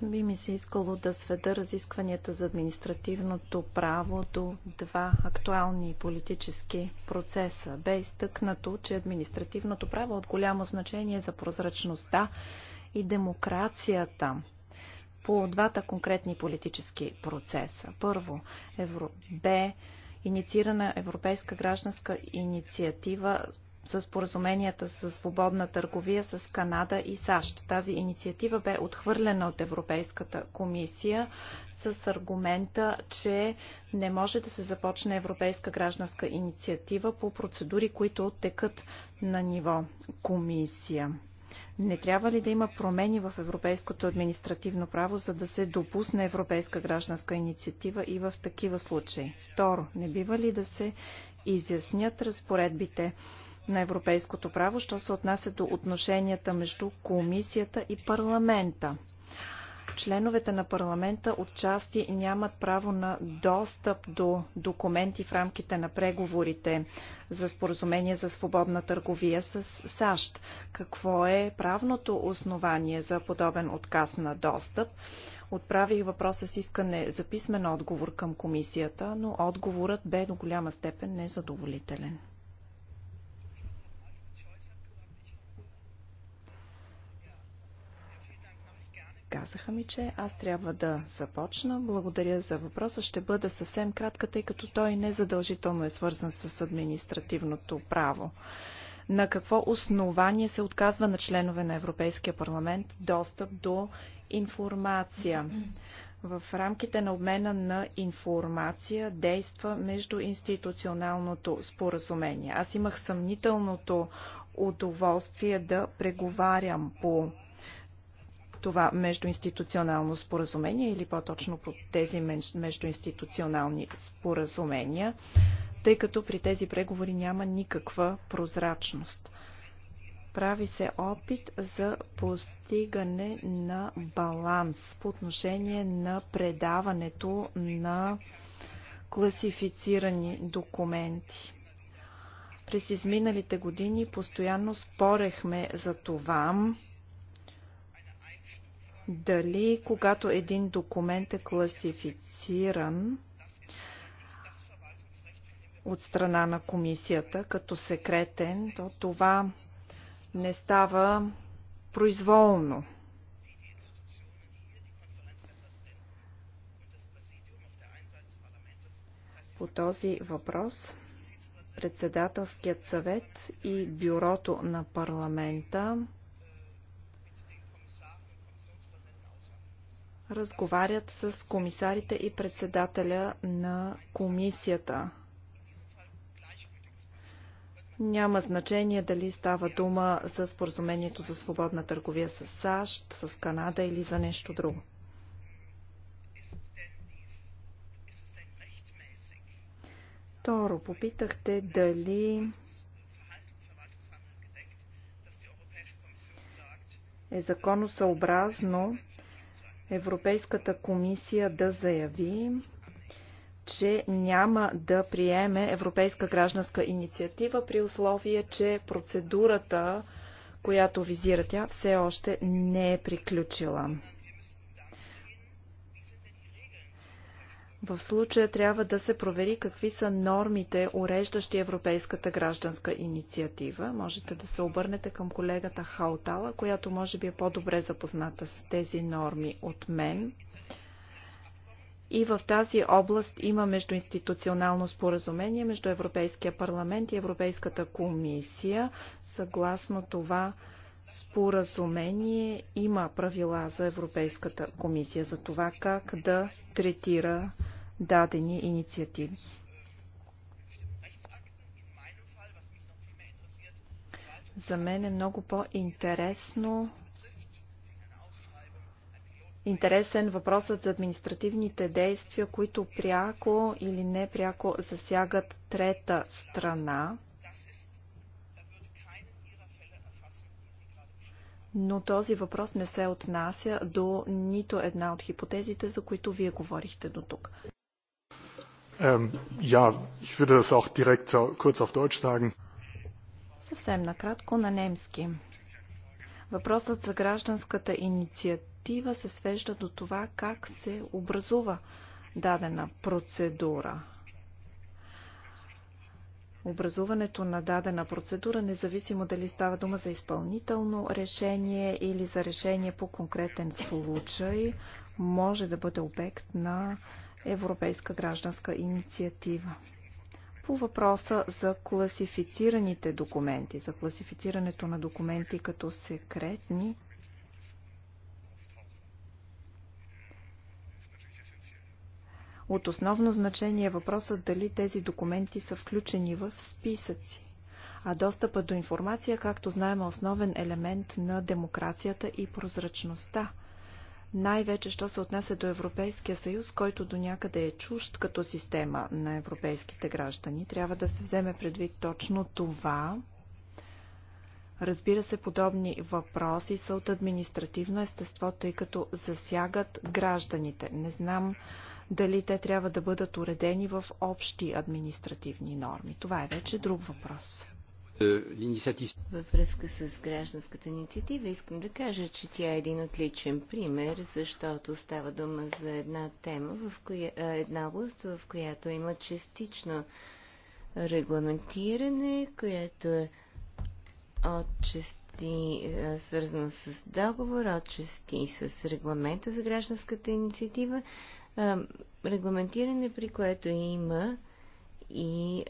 би ми се искало да сведа разискванията за административното право до два актуални политически процеса. Бе изтъкнато, че административното право е от голямо значение за прозрачността и демокрацията по двата конкретни политически процеса. Първо, Евро... бе инициирана Европейска гражданска инициатива с споразуменията за свободна търговия с Канада и САЩ. Тази инициатива бе отхвърлена от Европейската комисия с аргумента, че не може да се започне Европейска гражданска инициатива по процедури, които текат на ниво комисия. Не трябва ли да има промени в европейското административно право, за да се допусне европейска гражданска инициатива и в такива случаи? Второ, не бива ли да се изяснят разпоредбите на европейското право, що се отнася до отношенията между комисията и парламента. Членовете на парламента отчасти нямат право на достъп до документи в рамките на преговорите за споразумение за свободна търговия с САЩ. Какво е правното основание за подобен отказ на достъп? Отправих въпроса с искане за писмен отговор към комисията, но отговорът бе до голяма степен незадоволителен. Казаха ми, че аз трябва да започна. Благодаря за въпроса. Ще бъда съвсем кратка, тъй като той не задължително е свързан с административното право. На какво основание се отказва на членове на Европейския парламент достъп до информация? в рамките на обмена на информация действа между институционалното споразумение. Аз имах съмнителното удоволствие да преговарям по това междуинституционално споразумение или по-точно по тези междуинституционални споразумения, тъй като при тези преговори няма никаква прозрачност. Прави се опит за постигане на баланс по отношение на предаването на класифицирани документи. През изминалите години постоянно спорехме за това, дали когато един документ е класифициран от страна на комисията като секретен, то това не става произволно. По този въпрос председателският съвет и бюрото на парламента разговарят с комисарите и председателя на комисията. Няма значение дали става дума за споразумението за свободна търговия с САЩ, с Канада или за нещо друго. Второ, попитахте дали е законосъобразно Европейската комисия да заяви, че няма да приеме Европейска гражданска инициатива при условие, че процедурата, която визира тя, все още не е приключила. В случая трябва да се провери какви са нормите, уреждащи Европейската гражданска инициатива. Можете да се обърнете към колегата Хаутала, която може би е по-добре запозната с тези норми от мен. И в тази област има междуинституционално споразумение между Европейския парламент и Европейската комисия. Съгласно това, споразумение има правила за Европейската комисия за това как да третира дадени инициативи. За мен е много по-интересно интересен въпросът за административните действия, които пряко или непряко засягат трета страна но този въпрос не се отнася до нито една от хипотезите, за които вие говорихте до тук. ja, ich würde das auch direkt kurz auf Deutsch sagen. Съвсем накратко на немски. Въпросът за гражданската инициатива се свежда до това как се образува дадена процедура образуването на дадена процедура, независимо дали става дума за изпълнително решение или за решение по конкретен случай, може да бъде обект на Европейска гражданска инициатива. По въпроса за класифицираните документи, за класифицирането на документи като секретни, От основно значение е въпросът дали тези документи са включени в списъци. А достъпът до информация, както знаем, е основен елемент на демокрацията и прозрачността. Най-вече, що се отнася до Европейския съюз, който до някъде е чужд като система на европейските граждани, трябва да се вземе предвид точно това, Разбира се, подобни въпроси са от административно естество, тъй като засягат гражданите. Не знам дали те трябва да бъдат уредени в общи административни норми. Това е вече друг въпрос. Е, Във връзка с гражданската инициатива искам да кажа, че тя е един отличен пример, защото става дума за една тема, в коя, една област, в която има частично регламентиране, което е части свързано с договор, части с регламента за гражданската инициатива, регламентиране, при което има и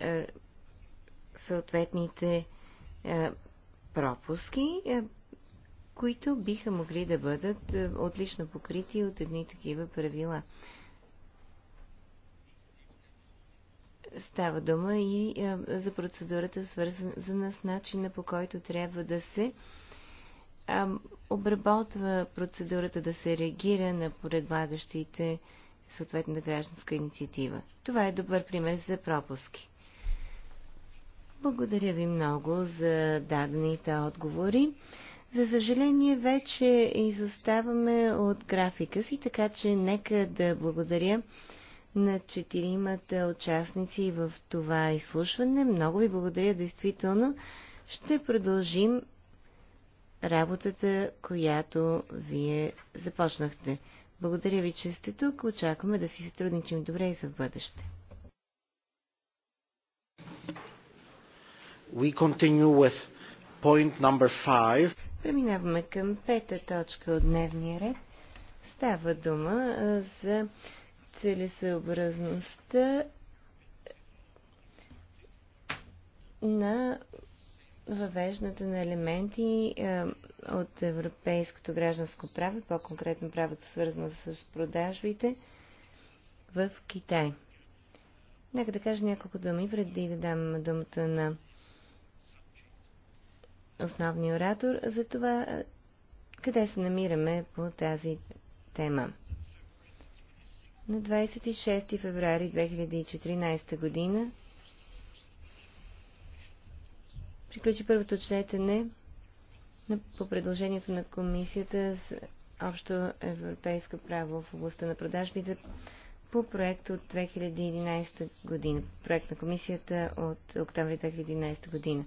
съответните пропуски, които биха могли да бъдат отлично покрити от едни такива правила. Става дума и за процедурата, свързана с начина по който трябва да се обработва процедурата, да се реагира на предлагащите съответната гражданска инициатива. Това е добър пример за пропуски. Благодаря ви много за дадените отговори. За съжаление, вече изоставаме от графика си, така че нека да благодаря на четиримата участници в това изслушване. Много ви благодаря, действително. Ще продължим работата, която вие започнахте. Благодаря ви, че сте тук. Очакваме да си сътрудничим добре и за бъдеще. We continue with point number five. Преминаваме към пета точка от дневния ред. Става дума за целесъобразността на въвеждането на елементи е, от европейското гражданско право, по-конкретно правото свързано с продажбите в Китай. Нека да кажа няколко думи, преди да дам думата на основния оратор, за това е, къде се намираме по тази тема. На 26 феврари 2014 година приключи първото четене по предложението на комисията с общо европейско право в областта на продажбите по проект от 2011 година. Проект на комисията от октомври 2011 година.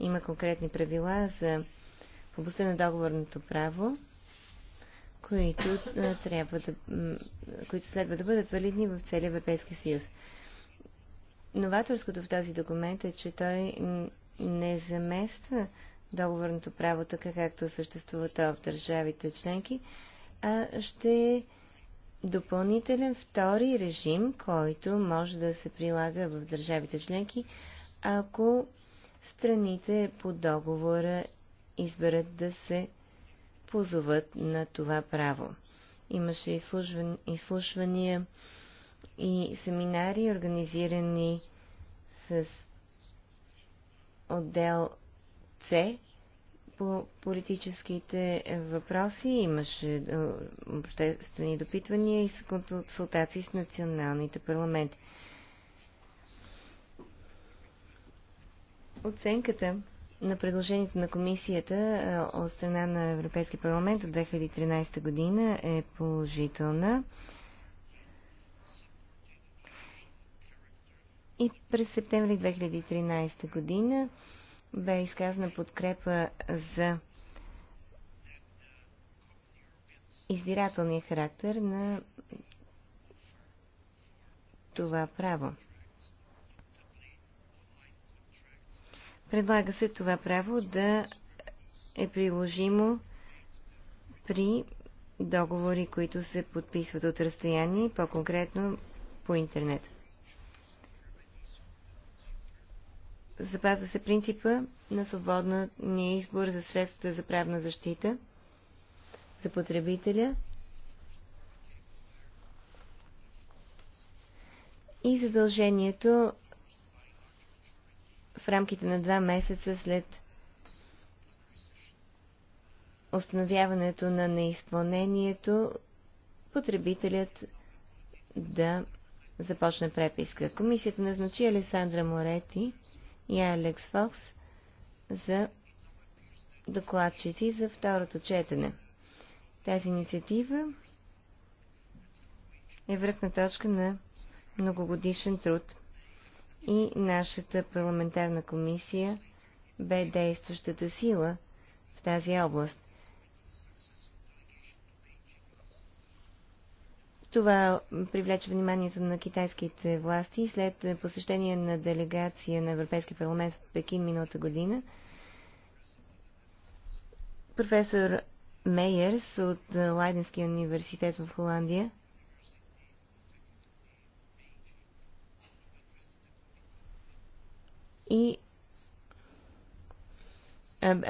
Има конкретни правила за в областта на договорното право, които, трябва да, които следва да бъдат валидни в целия Европейски съюз. Новаторското в този документ е, че той не замества договорното право, така както съществува то в държавите членки, а ще е допълнителен втори режим, който може да се прилага в държавите членки, ако страните по договора изберат да се позоват на това право. Имаше изслушвания и семинари, организирани с отдел С по политическите въпроси. Имаше е, обществени допитвания и консултации с националните парламенти. Оценката на предложението на комисията е, от страна на Европейския парламент от 2013 година е положителна. И през септември 2013 година бе изказана подкрепа за избирателния характер на това право. Предлага се това право да е приложимо при договори, които се подписват от разстояние, по-конкретно по интернет. Запазва се принципа на свободния избор за средствата за правна защита за потребителя и задължението в рамките на два месеца след установяването на неизпълнението потребителят да започне преписка. Комисията назначи Алесандра Морети и Алекс Фокс за докладчици за второто четене. Тази инициатива е връхна точка на многогодишен труд и нашата парламентарна комисия бе действащата сила в тази област – Това привлече вниманието на китайските власти след посещение на делегация на Европейския парламент в Пекин миналата година. Професор Мейерс от Лайденския университет в Холандия и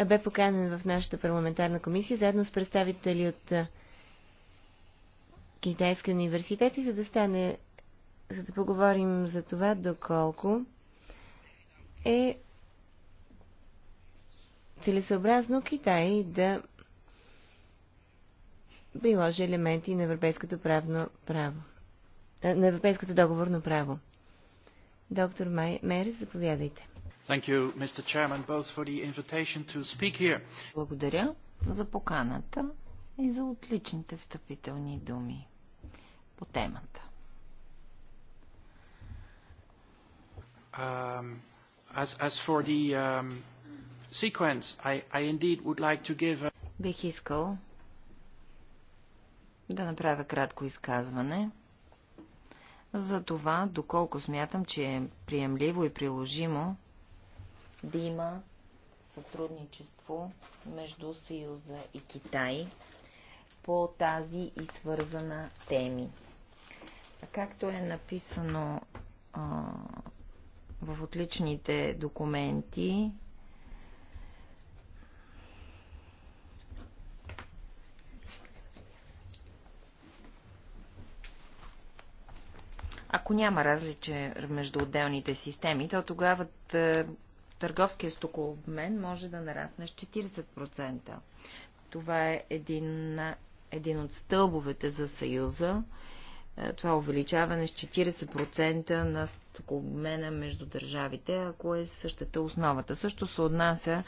бе поканен в нашата парламентарна комисия заедно с представители от китайски университети, за да стане, за да поговорим за това доколко е целесъобразно Китай да приложи елементи на европейското правно право. На европейското договорно право. Доктор Май, Мер, заповядайте. You, Chairman, Благодаря за поканата и за отличните встъпителни думи по темата. Um, as, as for the um, sequence, I, I indeed would like to give. A... Бих искал да направя кратко изказване за това, доколко смятам, че е приемливо и приложимо да има сътрудничество между Съюза и Китай по тази и свързана теми. Както е написано а, в отличните документи, Ако няма различие между отделните системи, то тогава е, търговския стокообмен може да нарасне с 40%. Това е един, един от стълбовете за Съюза е, това увеличаване с 40% на стокообмена между държавите, ако е същата основата. Също се отнася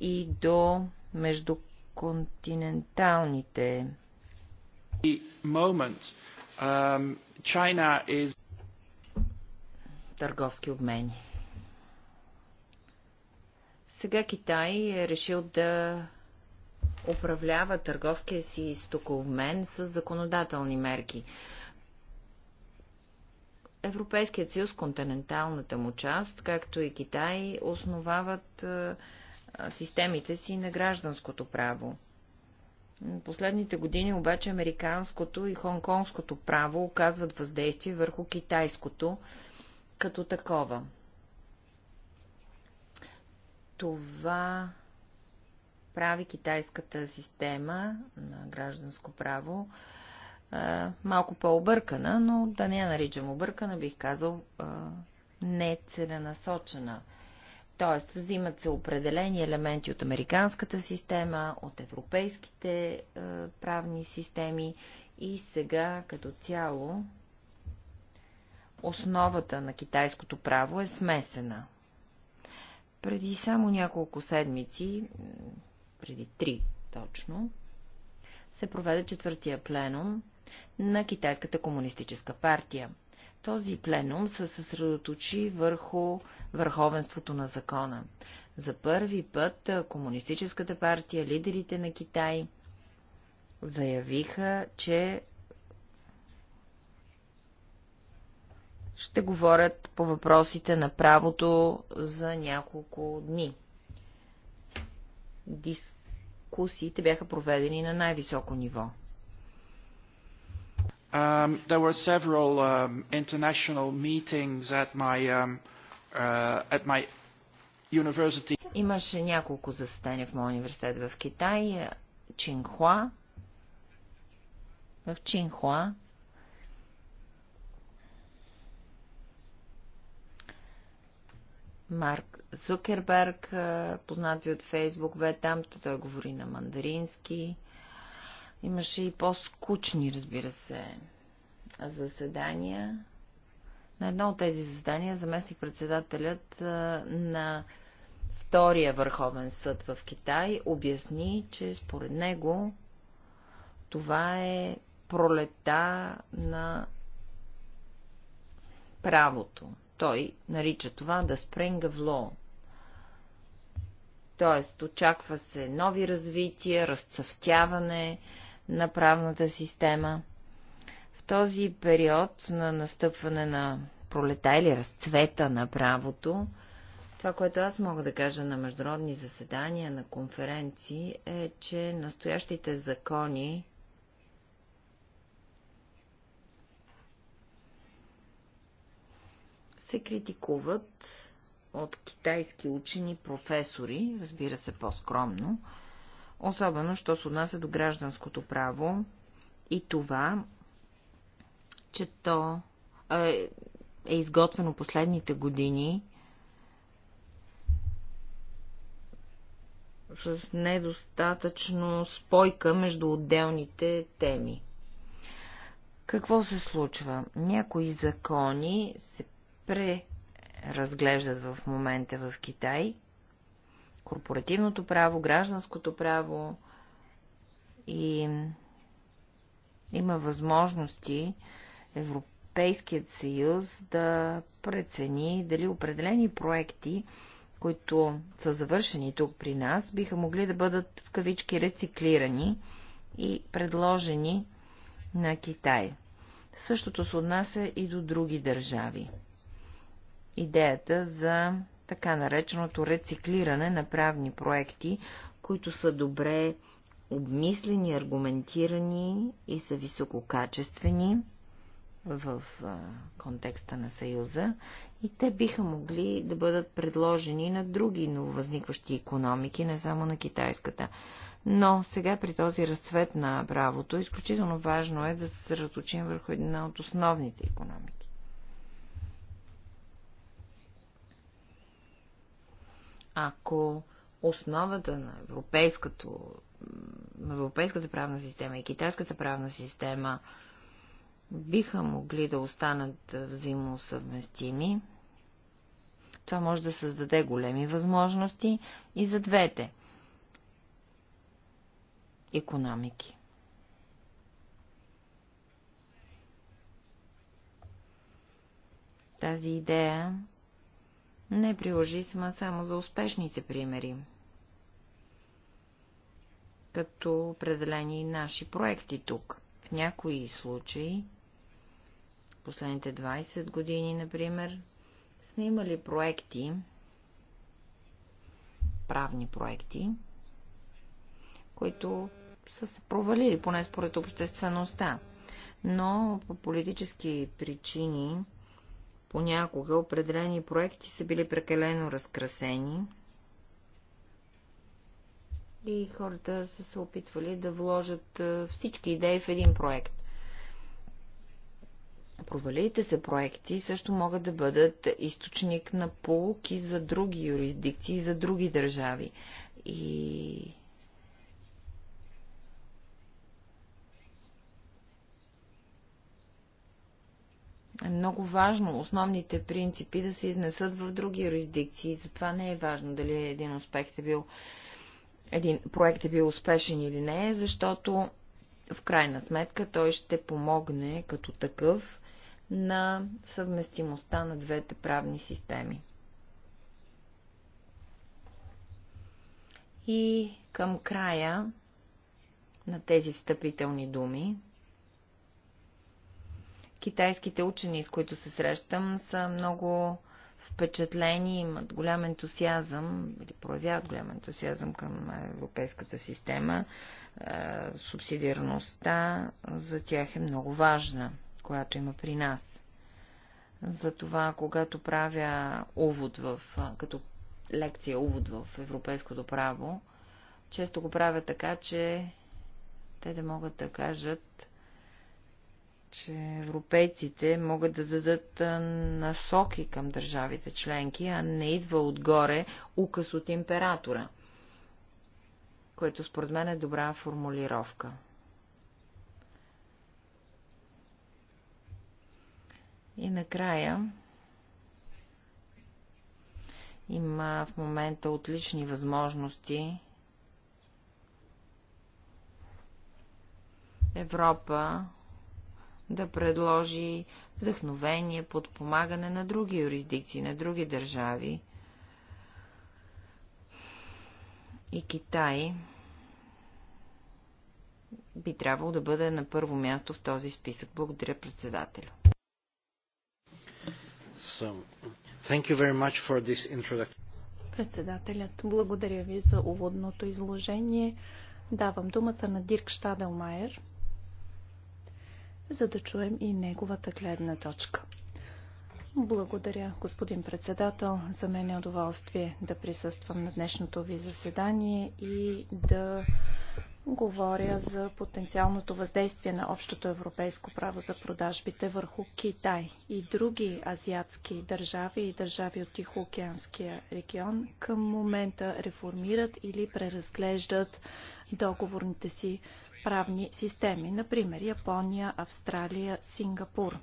и до междуконтиненталните. Moment, um, China is... Търговски обмени. Сега Китай е решил да управлява търговския си стокообмен с законодателни мерки. Европейският съюз, континенталната му част, както и Китай, основават системите си на гражданското право. Последните години обаче американското и хонконгското право оказват въздействие върху китайското като такова. Това прави китайската система на гражданско право а, е, малко по-объркана, но да не я наричам объркана, бих казал а, е, нецеленасочена. Тоест, взимат се определени елементи от американската система, от европейските а, е, правни системи и сега като цяло основата на китайското право е смесена. Преди само няколко седмици, преди три точно, се проведе четвъртия пленум на Китайската комунистическа партия. Този пленум се съсредоточи върху върховенството на закона. За първи път Комунистическата партия, лидерите на Китай заявиха, че ще говорят по въпросите на правото за няколко дни. Дискусиите бяха проведени на най-високо ниво. Um, there were several um, international meetings at my, um, uh, at my university. Имаше няколко заседания в моя университет в Китай, е, Чинхуа. В Чинхуа Марк Зукерберг, е, познат ви от Фейсбук, бе там, той говори на мандарински. Имаше и по-скучни, разбира се, заседания. На едно от тези заседания заместник-председателят на втория върховен съд в Китай обясни, че според него това е пролета на правото. Той нарича това да спренга в лоу. Тоест, очаква се нови развития, разцъфтяване, на правната система. В този период на настъпване на пролета или разцвета на правото, това, което аз мога да кажа на международни заседания, на конференции, е, че настоящите закони се критикуват от китайски учени професори, разбира се по-скромно, особено, що се отнася до гражданското право и това, че то е, е изготвено последните години с недостатъчно спойка между отделните теми. Какво се случва? Някои закони се преразглеждат в момента в Китай – корпоративното право, гражданското право и има възможности Европейският съюз да прецени дали определени проекти, които са завършени тук при нас, биха могли да бъдат в кавички рециклирани и предложени на Китай. Същото се отнася и до други държави. Идеята за така нареченото рециклиране на правни проекти, които са добре обмислени, аргументирани и са висококачествени в контекста на Съюза и те биха могли да бъдат предложени на други нововъзникващи економики, не само на китайската. Но сега при този разцвет на правото, изключително важно е да се съсредоточим върху една от основните економики. ако основата на европейското, европейската правна система и китайската правна система биха могли да останат взаимосъвместими, това може да създаде големи възможности и за двете економики. Тази идея не приложима само за успешните примери, като определени наши проекти тук. В някои случаи, последните 20 години, например, сме имали проекти, правни проекти, които са се провалили, поне според обществеността. Но по политически причини Понякога определени проекти са били прекалено разкрасени и хората са се опитвали да вложат всички идеи в един проект. Провалите се проекти също могат да бъдат източник на полуки за други юрисдикции, за други държави. И е много важно основните принципи да се изнесат в други юрисдикции. Затова не е важно дали един успех е бил, един проект е бил успешен или не, защото в крайна сметка той ще помогне като такъв на съвместимостта на двете правни системи. И към края на тези встъпителни думи Китайските учени, с които се срещам, са много впечатлени, имат голям ентусиазъм или проявяват голям ентусиазъм към европейската система. Е, субсидиарността за тях е много важна, която има при нас. Затова, когато правя увод в, като лекция увод в европейското право, често го правя така, че те да могат да кажат че европейците могат да дадат насоки към държавите членки, а не идва отгоре указ от императора, което според мен е добра формулировка. И накрая има в момента отлични възможности Европа да предложи вдъхновение, подпомагане на други юрисдикции, на други държави. И Китай би трябвало да бъде на първо място в този списък. Благодаря председателю. So, thank you very much for this Председателят, благодаря ви за уводното изложение. Давам думата на Дирк Штаделмайер, за да чуем и неговата гледна точка. Благодаря, господин председател. За мен е удоволствие да присъствам на днешното ви заседание и да говоря за потенциалното въздействие на общото европейско право за продажбите върху Китай и други азиатски държави и държави от Тихоокеанския регион към момента реформират или преразглеждат договорните си правни системи, например Япония, Австралия, Сингапур.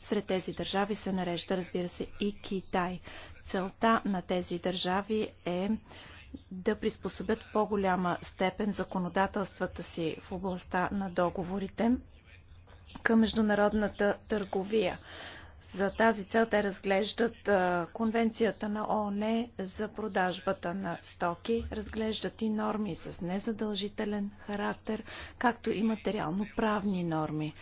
Сред тези държави се нарежда, разбира се, и Китай. Целта на тези държави е да приспособят в по-голяма степен законодателствата си в областта на договорите към международната търговия. За тази цел те разглеждат конвенцията на ООН за продажбата на стоки, разглеждат и норми с незадължителен характер, както и материално-правни норми.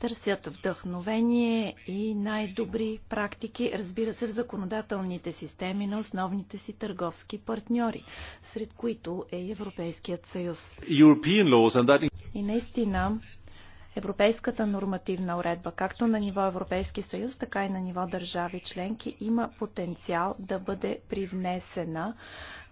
Търсят вдъхновение и най-добри практики, разбира се, в законодателните системи на основните си търговски партньори, сред които е Европейският съюз. И наистина Европейската нормативна уредба, както на ниво Европейски съюз, така и на ниво държави членки, има потенциал да бъде привнесена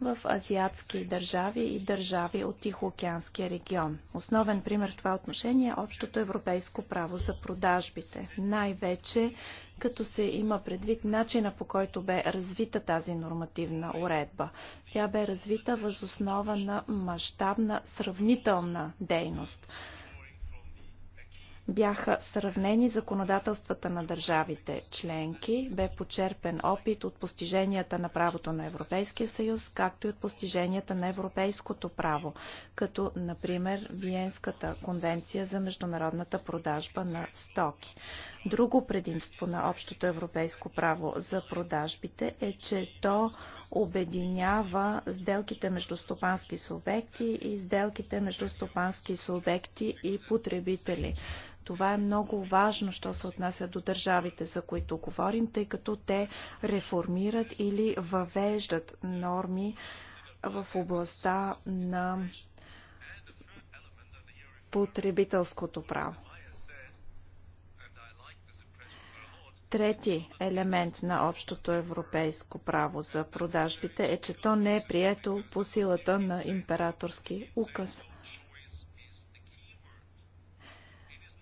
в азиатски държави и държави от Тихоокеанския регион. Основен пример в това отношение е общото европейско право за продажбите. Най-вече като се има предвид начина по който бе развита тази нормативна уредба. Тя бе развита възоснова на мащабна сравнителна дейност бяха сравнени законодателствата на държавите членки, бе почерпен опит от постиженията на правото на Европейския съюз, както и от постиженията на европейското право, като например Виенската конвенция за международната продажба на стоки. Друго предимство на общото европейско право за продажбите е, че то обединява сделките между стопански субекти и сделките между стопански субекти и потребители. Това е много важно, що се отнася до държавите, за които говорим, тъй като те реформират или въвеждат норми в областта на потребителското право. Трети елемент на общото европейско право за продажбите е, че то не е прието по силата на императорски указ.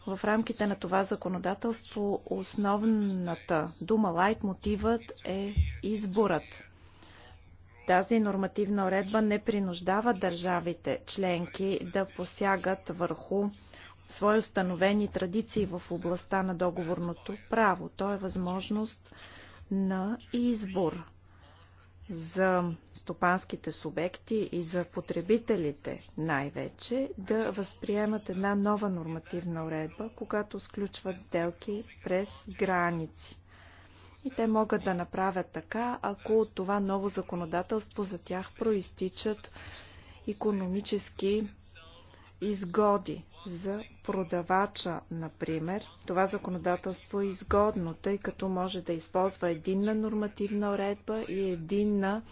В рамките на това законодателство основната дума, лайт мотивът е изборът. Тази нормативна уредба не принуждава държавите членки да посягат върху свои установени традиции в областта на договорното право. То е възможност на избор за стопанските субекти и за потребителите най-вече да възприемат една нова нормативна уредба, когато сключват сделки през граници. И те могат да направят така, ако от това ново законодателство за тях проистичат економически изгоди за продавача, например, това законодателство е изгодно, тъй като може да използва единна нормативна уредба и единна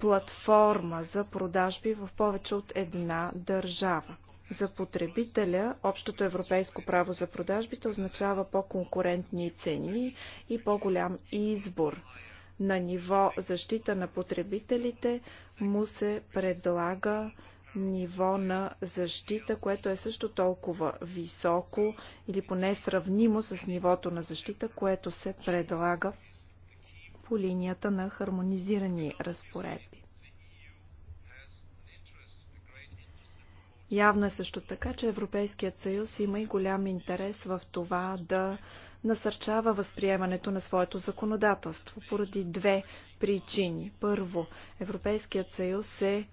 платформа за продажби в повече от една държава. За потребителя общото европейско право за продажбите означава по-конкурентни цени и по-голям избор. На ниво защита на потребителите му се предлага ниво на защита, което е също толкова високо или поне сравнимо с нивото на защита, което се предлага по линията на хармонизирани разпоредби. Явно е също така, че Европейският съюз има и голям интерес в това да насърчава възприемането на своето законодателство поради две причини. Първо, Европейският съюз е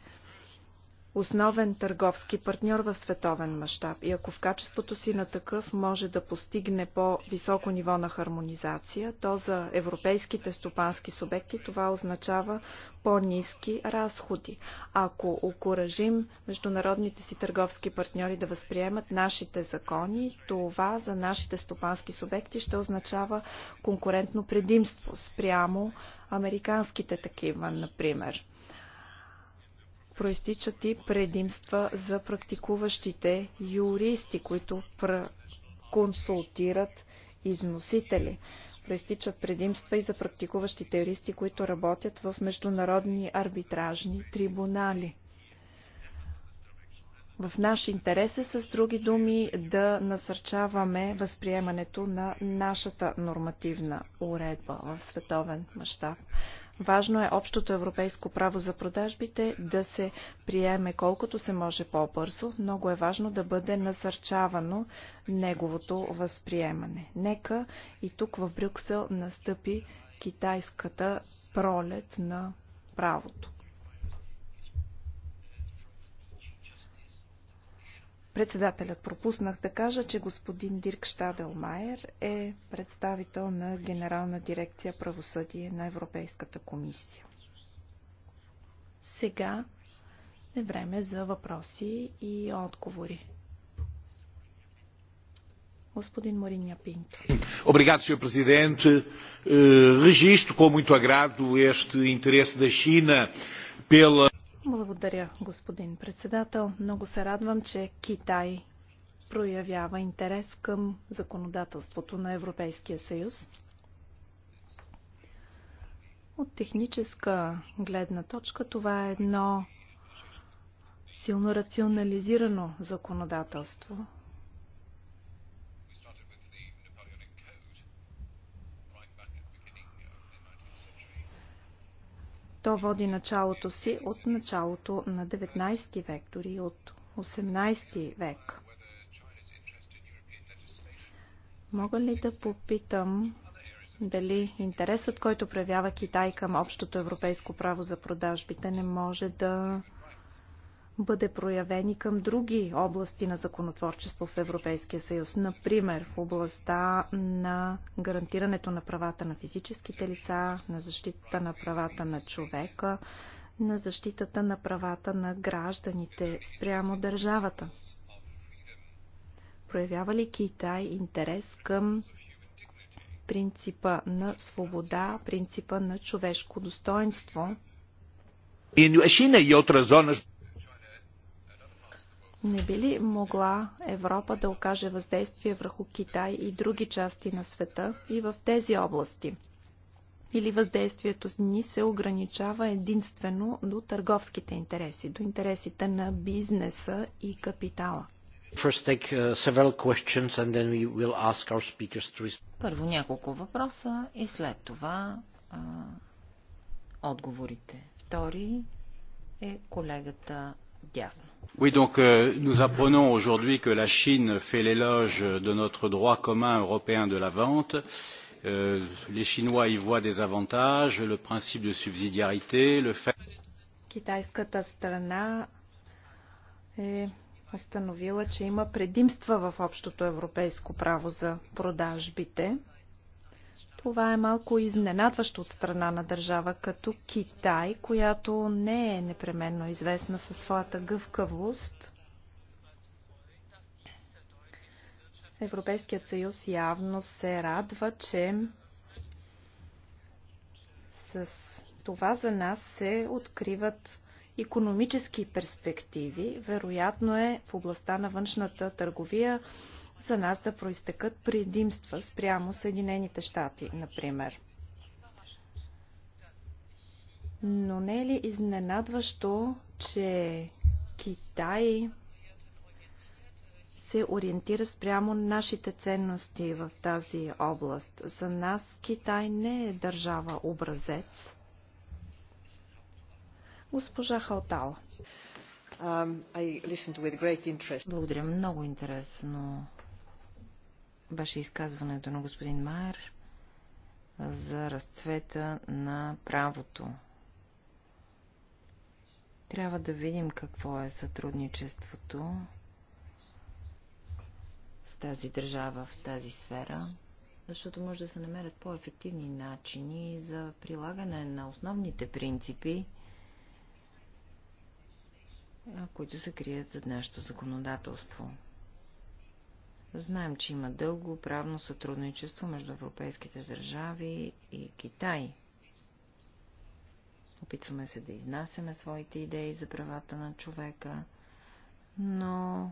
основен търговски партньор в световен мащаб и ако в качеството си на такъв може да постигне по-високо ниво на хармонизация, то за европейските стопански субекти това означава по-низки разходи. Ако окоръжим международните си търговски партньори да възприемат нашите закони, това за нашите стопански субекти ще означава конкурентно предимство спрямо американските такива, например проистичат и предимства за практикуващите юристи, които консултират износители. Проистичат предимства и за практикуващите юристи, които работят в международни арбитражни трибунали. В наш интерес е, с други думи, да насърчаваме възприемането на нашата нормативна уредба в световен мащаб. Важно е общото европейско право за продажбите да се приеме колкото се може по-бързо. Много е важно да бъде насърчавано неговото възприемане. Нека и тук в Брюксел настъпи китайската пролет на правото. Председателят пропуснах да кажа, че господин Дирк Штаделмайер е представител на Генерална дирекция правосъдие на Европейската комисия. Сега е време за въпроси и отговори. Господин Мориня Пинто. Obrigado, Sr. президент. Eh, registro com muito agrado este interesse da China pela. Благодаря, господин председател. Много се радвам, че Китай проявява интерес към законодателството на Европейския съюз. От техническа гледна точка това е едно силно рационализирано законодателство, То води началото си от началото на 19 век, дори от 18 век. Мога ли да попитам дали интересът, който проявява Китай към общото европейско право за продажбите, не може да бъде проявен и към други области на законотворчество в Европейския съюз. Например, в областта на гарантирането на правата на физическите лица, на защитата на правата на човека, на защитата на правата на гражданите спрямо държавата. Проявява ли Китай интерес към принципа на свобода, принципа на човешко достоинство? Em China не би ли могла Европа да окаже въздействие върху Китай и други части на света и в тези области? Или въздействието ни се ограничава единствено до търговските интереси, до интересите на бизнеса и капитала? Uh, Първо няколко въпроса и след това а, отговорите. Втори е колегата дясно. Oui, donc euh, nous apprenons aujourd'hui que la Chine fait l'éloge de notre droit commun européen de la vente. Euh, les Chinois y voient des avantages, le principe de subsidiarité, le fait. Китайската страна е установила, че има предимства в общото европейско право за продажбите. Това е малко изненадващо от страна на държава като Китай, която не е непременно известна със своята гъвкавост. Европейският съюз явно се радва, че с това за нас се откриват економически перспективи. Вероятно е в областта на външната търговия за нас да проистекат предимства спрямо Съединените щати, например. Но не е ли изненадващо, че Китай се ориентира спрямо нашите ценности в тази област? За нас Китай не е държава образец. Госпожа Халтала. Um, Благодаря. Много интересно беше изказването на господин Майер за разцвета на правото. Трябва да видим какво е сътрудничеството с тази държава в тази сфера, защото може да се намерят по-ефективни начини за прилагане на основните принципи, които се крият за нашето законодателство. Знаем, че има дълго правно сътрудничество между европейските държави и Китай. Опитваме се да изнасяме своите идеи за правата на човека, но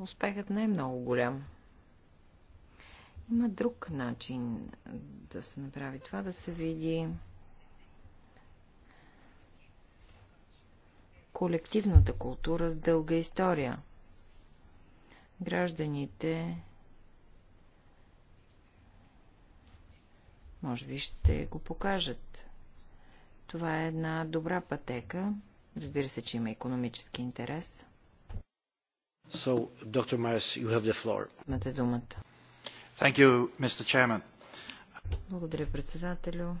успехът не е много голям. Има друг начин да се направи това, да се види колективната култура с дълга история – гражданите може би ще го покажат. Това е една добра пътека. Разбира се, че има економически интерес. So, Dr. Myers, you have the floor. Имате думата. Thank you, Mr. Chairman. Благодаря, председателю.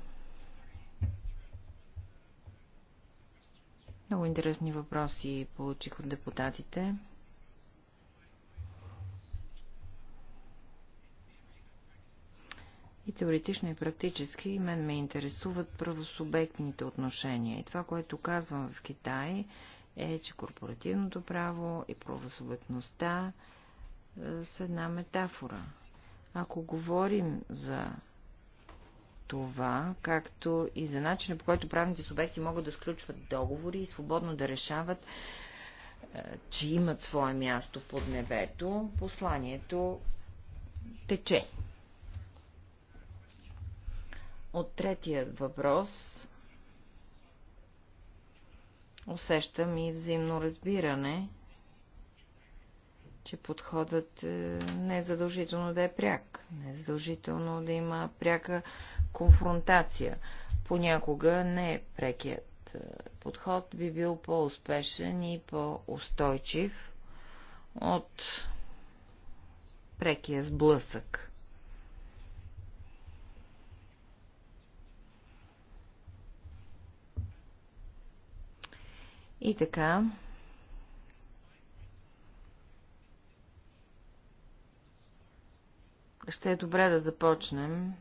Много интересни въпроси получих от депутатите. И теоретично, и практически и мен ме интересуват правосубектните отношения. И това, което казвам в Китай, е, че корпоративното право и правосубектността е, са една метафора. Ако говорим за това, както и за начина по който правните субекти могат да сключват договори и свободно да решават, е, че имат свое място под небето, посланието тече. От третия въпрос усещам и взаимно разбиране, че подходът е, не е задължително да е пряк, не е задължително да има пряка конфронтация. Понякога не е прекият е, подход би бил по-успешен и по-устойчив от прекия сблъсък. И така. Ще е добре да започнем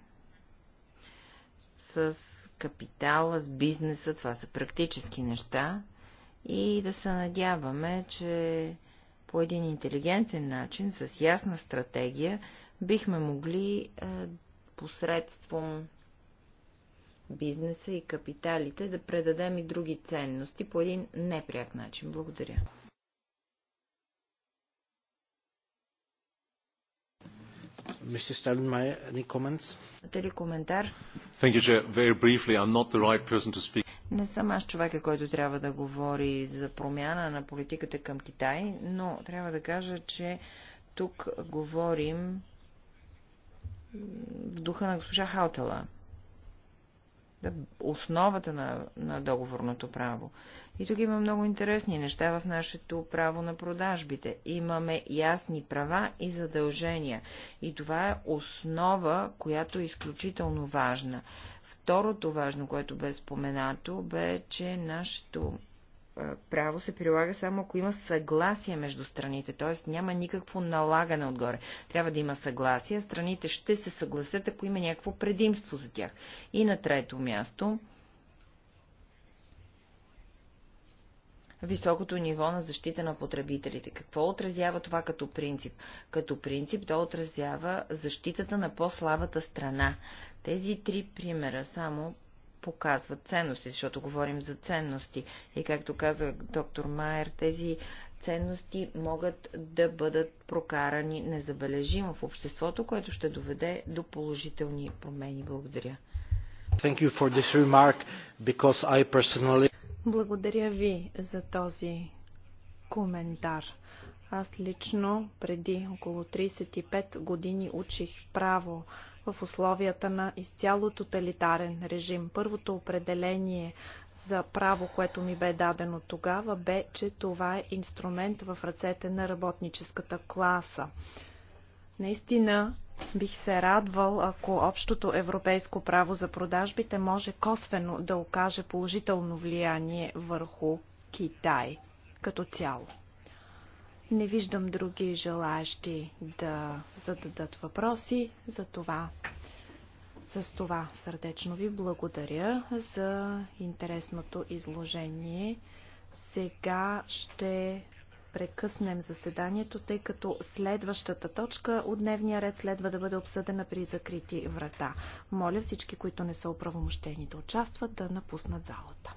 с капитала, с бизнеса, това са практически неща, и да се надяваме, че по един интелигентен начин, с ясна стратегия, бихме могли е, посредством бизнеса и капиталите, да предадем и други ценности по един непряк начин. Благодаря. Mr. Steinmeier, any comments? коментар? Thank you, Chair. Very briefly, I'm not the right person to speak. Не съм аз човека, който трябва да говори за промяна на политиката към Китай, но трябва да кажа, че тук говорим в духа на госпожа Хаутела. Е основата на, на договорното право. И тук има много интересни неща в нашето право на продажбите. Имаме ясни права и задължения. И това е основа, която е изключително важна. Второто важно, което бе споменато, бе, че нашето право се прилага само ако има съгласие между страните, т.е. няма никакво налагане отгоре. Трябва да има съгласие, страните ще се съгласят, ако има някакво предимство за тях. И на трето място, високото ниво на защита на потребителите. Какво отразява това като принцип? Като принцип то отразява защитата на по-слабата страна. Тези три примера само показват ценности, защото говорим за ценности. И както каза доктор Майер, тези ценности могат да бъдат прокарани незабележимо в обществото, което ще доведе до положителни промени. Благодаря. Thank you for this remark, because I personally... Благодаря ви за този коментар. Аз лично преди около 35 години учих право в условията на изцяло тоталитарен режим. Първото определение за право, което ми бе дадено тогава, бе, че това е инструмент в ръцете на работническата класа. Наистина бих се радвал, ако общото европейско право за продажбите може косвено да окаже положително влияние върху Китай като цяло. Не виждам други желаящи да зададат въпроси, за това с това сърдечно ви благодаря за интересното изложение. Сега ще прекъснем заседанието, тъй като следващата точка от дневния ред следва да бъде обсъдена при закрити врата. Моля всички, които не са оправомощени да участват, да напуснат залата.